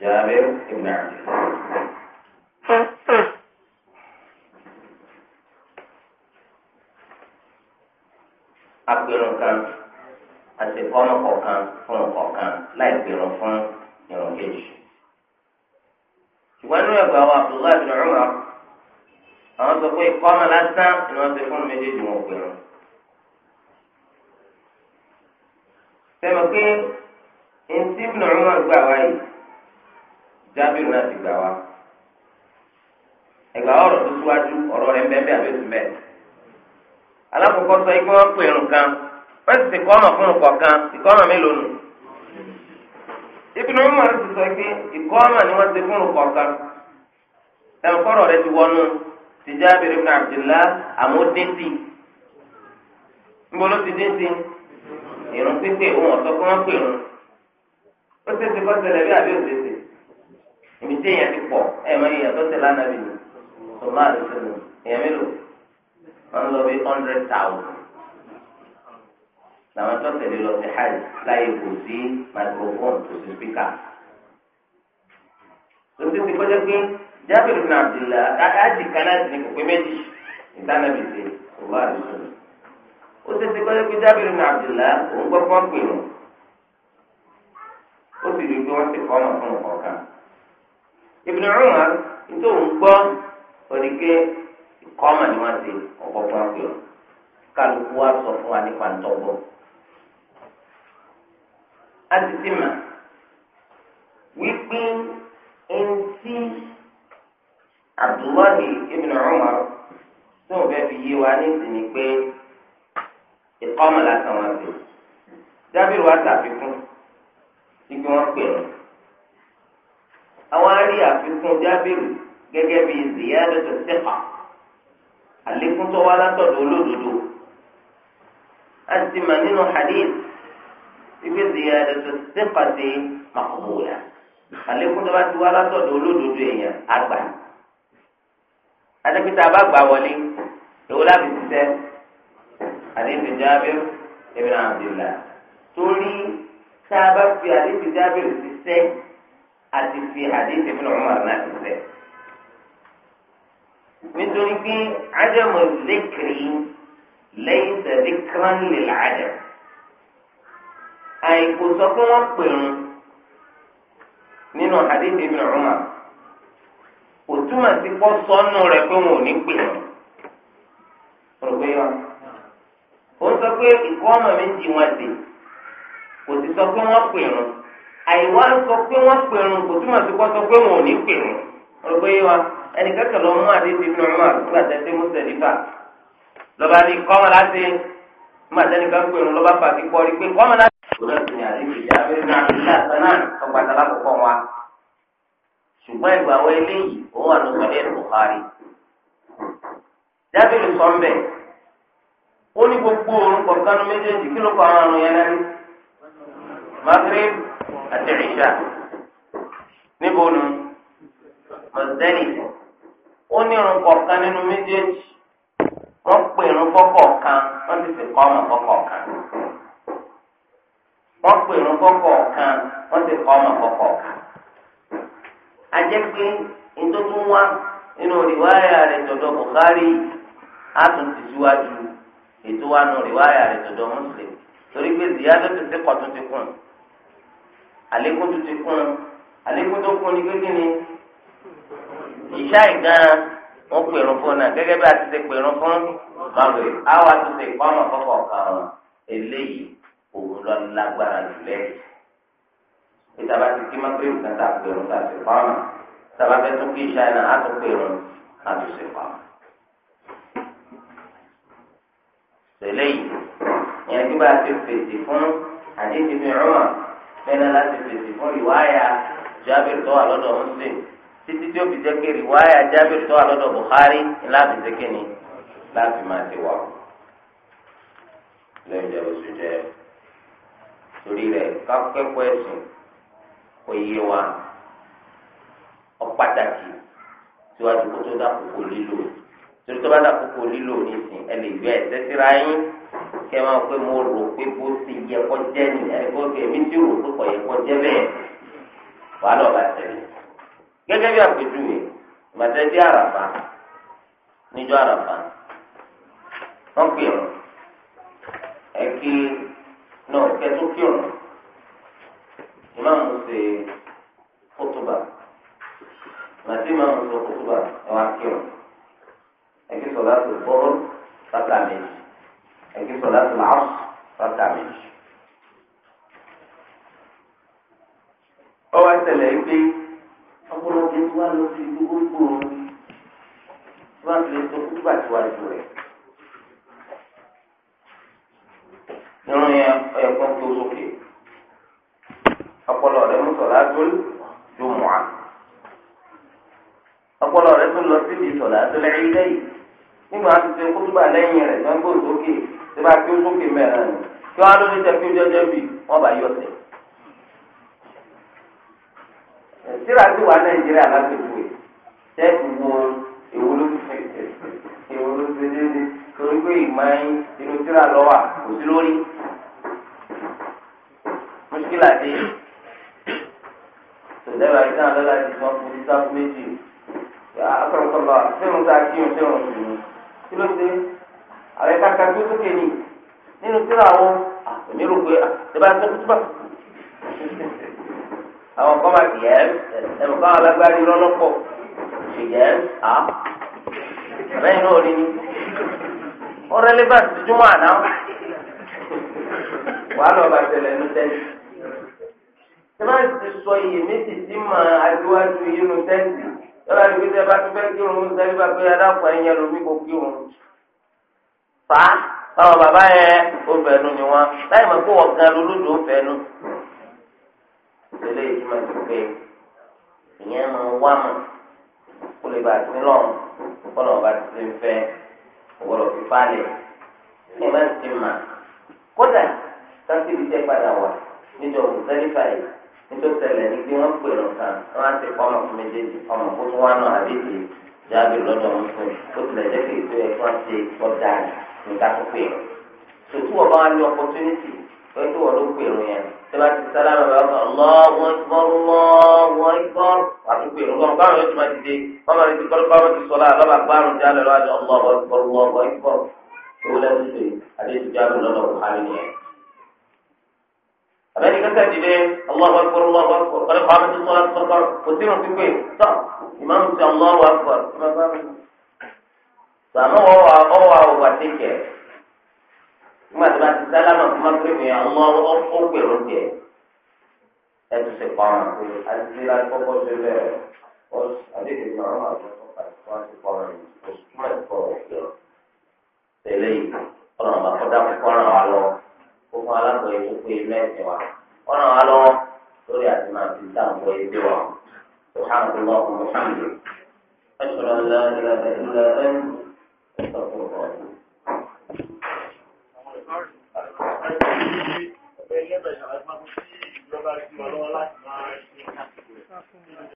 jàbẹ́ ìmọ̀ àjẹ́. apẹ̀rùn kan àti ọmọ kọ̀ọ̀kan fún ọ̀kọ̀ọ̀kan láì pẹ̀rùn fún ìrùn kejì. ṣùgbọ́n nínú ẹ̀gbọ́n Abdullahi bin Umar sọ pé kọ́mọ lásán ni wọ́n ti fún méjèèjì wọn pè wọn. sẹ́mi pé ntí Ibn Umar gbà wá yìí Jábìrì náà ti gbà wá. ẹ̀gbà ọ̀rọ̀ tó síwájú ọ̀rọ̀ rẹ̀ mbẹ́mbẹ́ àbẹ́sùn bẹ́ẹ̀. alákòókò sọ ikú wọn pè nǹkan wọ́n ti kọ́mọ fún nǹkan ìkọ́mọ mélòó nù. Ibn Umar ti sọ pé ìkọ́mọ ni wọ́n ti fún nǹkan ẹ̀ńkọ́rọ̀ rẹ ti wọnú ti Jabir ibn Abdullah àmúdínsì ńgbọ́dọ̀ ti dínsì ìrún pípé ohun ọ̀sọ́ kí wọ́n pè rún ó ti ti kọ́ ṣẹlẹ̀ bí àbí òṣèṣe ibi tí èèyàn ti pọ̀ ẹ̀ mọ èèyàn tó tẹ̀lé ànábì ni sọ̀rọ̀ àdìsẹ́nu èèyàn mélòó wọ́n lọ bí hundred thousand làwọn tó tẹ̀lé lọ sí hajj láyé kò sí microphone kò sí speaker. ó ti ti kọjá pé Jabir bin Abdullah aji kan láti ní kòkó méjì ìtànàbì ṣe ọba àdúgbò ó ti ti kọ́lé pé Jabir bin Abdullah òun gbọ́ fọ́n pè wọ́n ó sì rí i pé wọ́n ti kọ́ ọmọ fún ọ̀kan. Ibn Umar nítorí òun gbọ́ òdìkẹ́ ìkọ́ ọmọ ni wọ́n ti ọ̀pọ̀ fọ́n pè wọ́n kálukú wa sọ fún wa nípa ntọ́gbọ́. a ti ti mà wípé ẹni tí abdullahi ibn umar tó ń fẹ́ fi yé wa ní ìsinmi pé ìkọ́mọ̀ lásán wọn fi jábìrì wa ṣàfikún ní kí wọ́n pè é àwọn arí àfikún jábìrì gẹ́gẹ́ bí ziyadatu thiqa àlékún tó wá látọ̀dọ̀ olódodo a ti mà nínú hadith ibi ziyadatu thiqa ti maqbulah àlékún tó bá ti wá látọ̀dọ̀ olódodo èèyàn àgbà adékítà bá gbà wọlé èwo láti ṣiṣẹ́ àdébí jábìr ibn Abdullah torí tá a bá fi àdébí jábìr ṣiṣẹ́ àti fi àdébí ibn Umar náà ṣiṣẹ́ nítorí pé ádámù lékiri lẹ́yìn tẹ̀lé kíránlì làádẹ̀ àìkò sọ pé wọ́n pèrún nínú àdébí ibn túmọ̀ sí pọ́ sọ́nù rẹ̀ pé wọn ò ní pè wọ́n. rògbé wa ó sọ pé ìkọ́ ọmọ mi ń di wọn dè kò sì sọ pé wọ́n pè wọ́n sọ pé wọ́n pè wọ́n kò túmọ̀ sí sọ pé wọn ò ní pè wọ́n. kẹ́kẹ́ lọ mú ọmọ mọ́sẹ̀ nípa lọ́ba láti pè wọ́n lọ́ba rí pé láti. ṣùgbọ́n ìgbà wo eléyìí òun wà lóko ní Bukhari. jábìrì sọ́ńbẹ̀ ó ní gbogbo orúkọ kánú méjèèjì kí ló kọ àwọn àrùn yẹn lẹ́nu. Maghrib àti Isha níbo nu Muzdalifa ó ní irun kọ̀ọ̀kan nínú méjèèjì wọ́n pè irun kọ̀ọ̀kan wọ́n ti sì kọ́ ọmọ kọ̀ọ̀kan wọ́n pè irun kọ̀ọ̀kan wọ́n ti kọ́ ọmọ kọ̀ọ̀kan ajẹ́pé ntọ́tún wá nínú rìwáyà rẹ̀ tọ̀dọ̀ Bukhari àtún ti síwájú ètò wa nù rìwáyà rẹ̀ tọ̀dọ̀ Muslim torí pé ziyadọ́ ti ti kọ̀tún ti kún àlékún tó ti kún àlékún tó kún ní kékeré ni ìṣá ìgbàn wọn pèrún fún náà gẹ́gẹ́ bí a ti ti pèrún fún màwé àwa tó ti kọ́ ọmọ kọ́kọ́ kan eléyìí òun lọ lágbára jù lẹ́yìn ìtàbá ti kí mọ́tírì kan tá a pè wọn tá a sì pa ọ́nà ìtàbá fẹ́ tún kí ṣáínà á tún pè wọn á tún sì pa ọ́nà. tẹ̀lé yìí ìyẹn tí bá a ti fèsì fún àdéhùn mi ọ̀rọ̀ lẹ́nà láti fèsì fún ìwáyà jábìrì tó wà lọ́dọ̀ Muslim títí tí ó fi jẹ́ pé ìwáyà jábìrì tó wà lọ́dọ̀ Bukhari láti jẹ́ kí ni láti máa ti wà. lẹ́yìn ìjọba oṣù jẹ́ torí rẹ̀ kákẹ́kọ̀ọ́ ẹ̀sìn òye wa ọ̀pàtàkì síwájú kó tó dàkókò lílò torí tó bá dàkókò lílò nísìn ẹ lè yọ ẹsẹ síra yín kẹ máa pé mo rò pé bó ti yẹ kó jẹ ní ẹni kó kẹ mi ti rò pé kò yẹ kó jẹ bẹ́ẹ̀ wà á lọ bá tẹ̀lé gẹ́gẹ́ bí àpèjúwe ìmọ̀tẹ́jẹ́ àràfà níjọ́ àràfà wọ́n pè ọ́ ẹ kí náà kẹ́tù kírun ìmáàmù ṣe kótóbà màtí ìmáàmù ṣe kótóbà ẹwà kírun ẹkí sọlá tó bọ́rọ̀ bàtà méjì ẹkí sọlá tó làásù bàtà méjì. ọwọ́ ẹsẹ̀lẹ̀ gbé ọ̀pọ̀lọpọ̀ tí wàá lọ sí gbogbo tí wàá fi tó kúgbà tí wàá ju rẹ̀. nínú yẹn ọ̀yẹ̀kọ́ tó sókè ọpọlọ rẹ mú sọlá tó ju mọ́à ọpọlọ rẹ tó lọ síbi sọlá tó lẹ́yìn lẹ́yìn nígbà tó ṣe kútùbà lẹ́yìn rẹ̀ tó ń gbó sókè tó bá kí ó sókè mẹ́rin ni kí wọ́n á lórí tẹ kí ó jẹjẹ bì wọ́n bá yọ tẹ̀. síra tí wàá nàìjíríà lágbègbè tẹ́ẹ̀kì wo èwo ló ti fẹ́ èwo ló torí pé ìmọ̀ ẹyin inú síra lọ́wọ́ kò sí lórí. mùsùlùmí ìlẹ́wà yìí náà lọ́la ti wọ́n fún sáfù méjì akọ̀rọ̀kọ̀lọ̀ fẹ́ràn tá a kí òun fẹ́ràn sí ni kí ló dé ààrẹ kàkà tó sókè ni nínú síra àwọn èmi rò pé ìbá tó kú túbà àwọn kọ́ máa yẹ ẹ̀mọ̀ káwọn alágbárí lọ́lọ́pọ̀ ṣe yẹ á lẹ́yìn náà rí ni ọ̀rẹ́lẹ́bà ti júmọ̀ àná wàá lọ́ọ́ bàtẹ̀lẹ̀ ní tẹ́lẹ̀ tẹ́lá ti sọ iye méjì tí mà adúwájú yínú tẹ́ǹtì lọ́la ní pété bá tún fẹ́ kí irun sẹ́ni bá pé adáko ẹ̀yẹ lómi kò kí irun. fa báwọn bàbá yẹn ó fẹ́nu ni wọn láì mọ̀ pé wọ́n gan lolódò ó fẹ́nu. ìṣẹ̀lẹ̀ yìí máa ti pé ìyẹn máa wá mọ̀ kó lè bàa sí lọ́rùn kó lọ́ọ̀ bá ti ń fẹ́ òwúrọ̀ fífa lẹ̀ ní ìmọ̀ ti mà kódà sáńtì bìtẹ́ padà wà níjọ́ òun sẹ́ni fàyè nítorí tẹ́lẹ̀ ní bí wọn pè lọ kan wọn á ti kọ ọmọ fún méjèèjì ọmọ fún tí wọn náà àdéhìí jáde lọ́dọ̀ wọn fún ó tilẹ̀ jẹ́ pé ètò ẹ̀kọ́ ṣe kọ́ dáa nígbà tó pè lọ. sòtú ọba wa ní opportunity wọ́n tó wọ́n ló pè lọ yẹn tí wọ́n ti sálá bàbá wọn kàn lọ́wọ́ ìgbọ́ lọ́wọ́ ìgbọ́ wàá tó pè lọ lọ́wọ́ báwọn yóò ti máa dìde wọ́n máa ti gbọ́dọ̀ báwọn ti sọ láà lọ́ba bárùn jáde lọ́wọ́ àbẹ́ni kẹ́kẹ́ dìde Allahu akbar Allahu akbar ọ̀rẹ́ kọ́ amẹ́tí sọ́lá sọ́kọ́ kò sí irun pípé tọ́ ìmáàmù ti Allahu akbar sàmú ọwọ́ àwòwà tẹ̀kẹ̀ nígbà tí wọ́n ti sálámà fún magrebe Allahu ó pèrò jẹ ẹtù sì pa ọmọ pé àti àkọ́kọ́ ṣe bẹ́ẹ̀ ọ àdéhùn náà wọ́n àti wọ́n ti pa ọmọ yìí oṣù tí wọ́n ti pa ọmọ yìí lọ tẹ̀lé yìí ọlọ́mọba kọ́dá kọ́ràn wa lọ kó fún alágbọ̀yé tó pé mẹ́sìn wa wọ́n ràn wá lọ́wọ́ lórí àti máa fi sáàbọ̀ ẹgbẹ́ wa سبحانك اللهم وبحمدك أشهد أن لا إله إلا أنت أستغفرك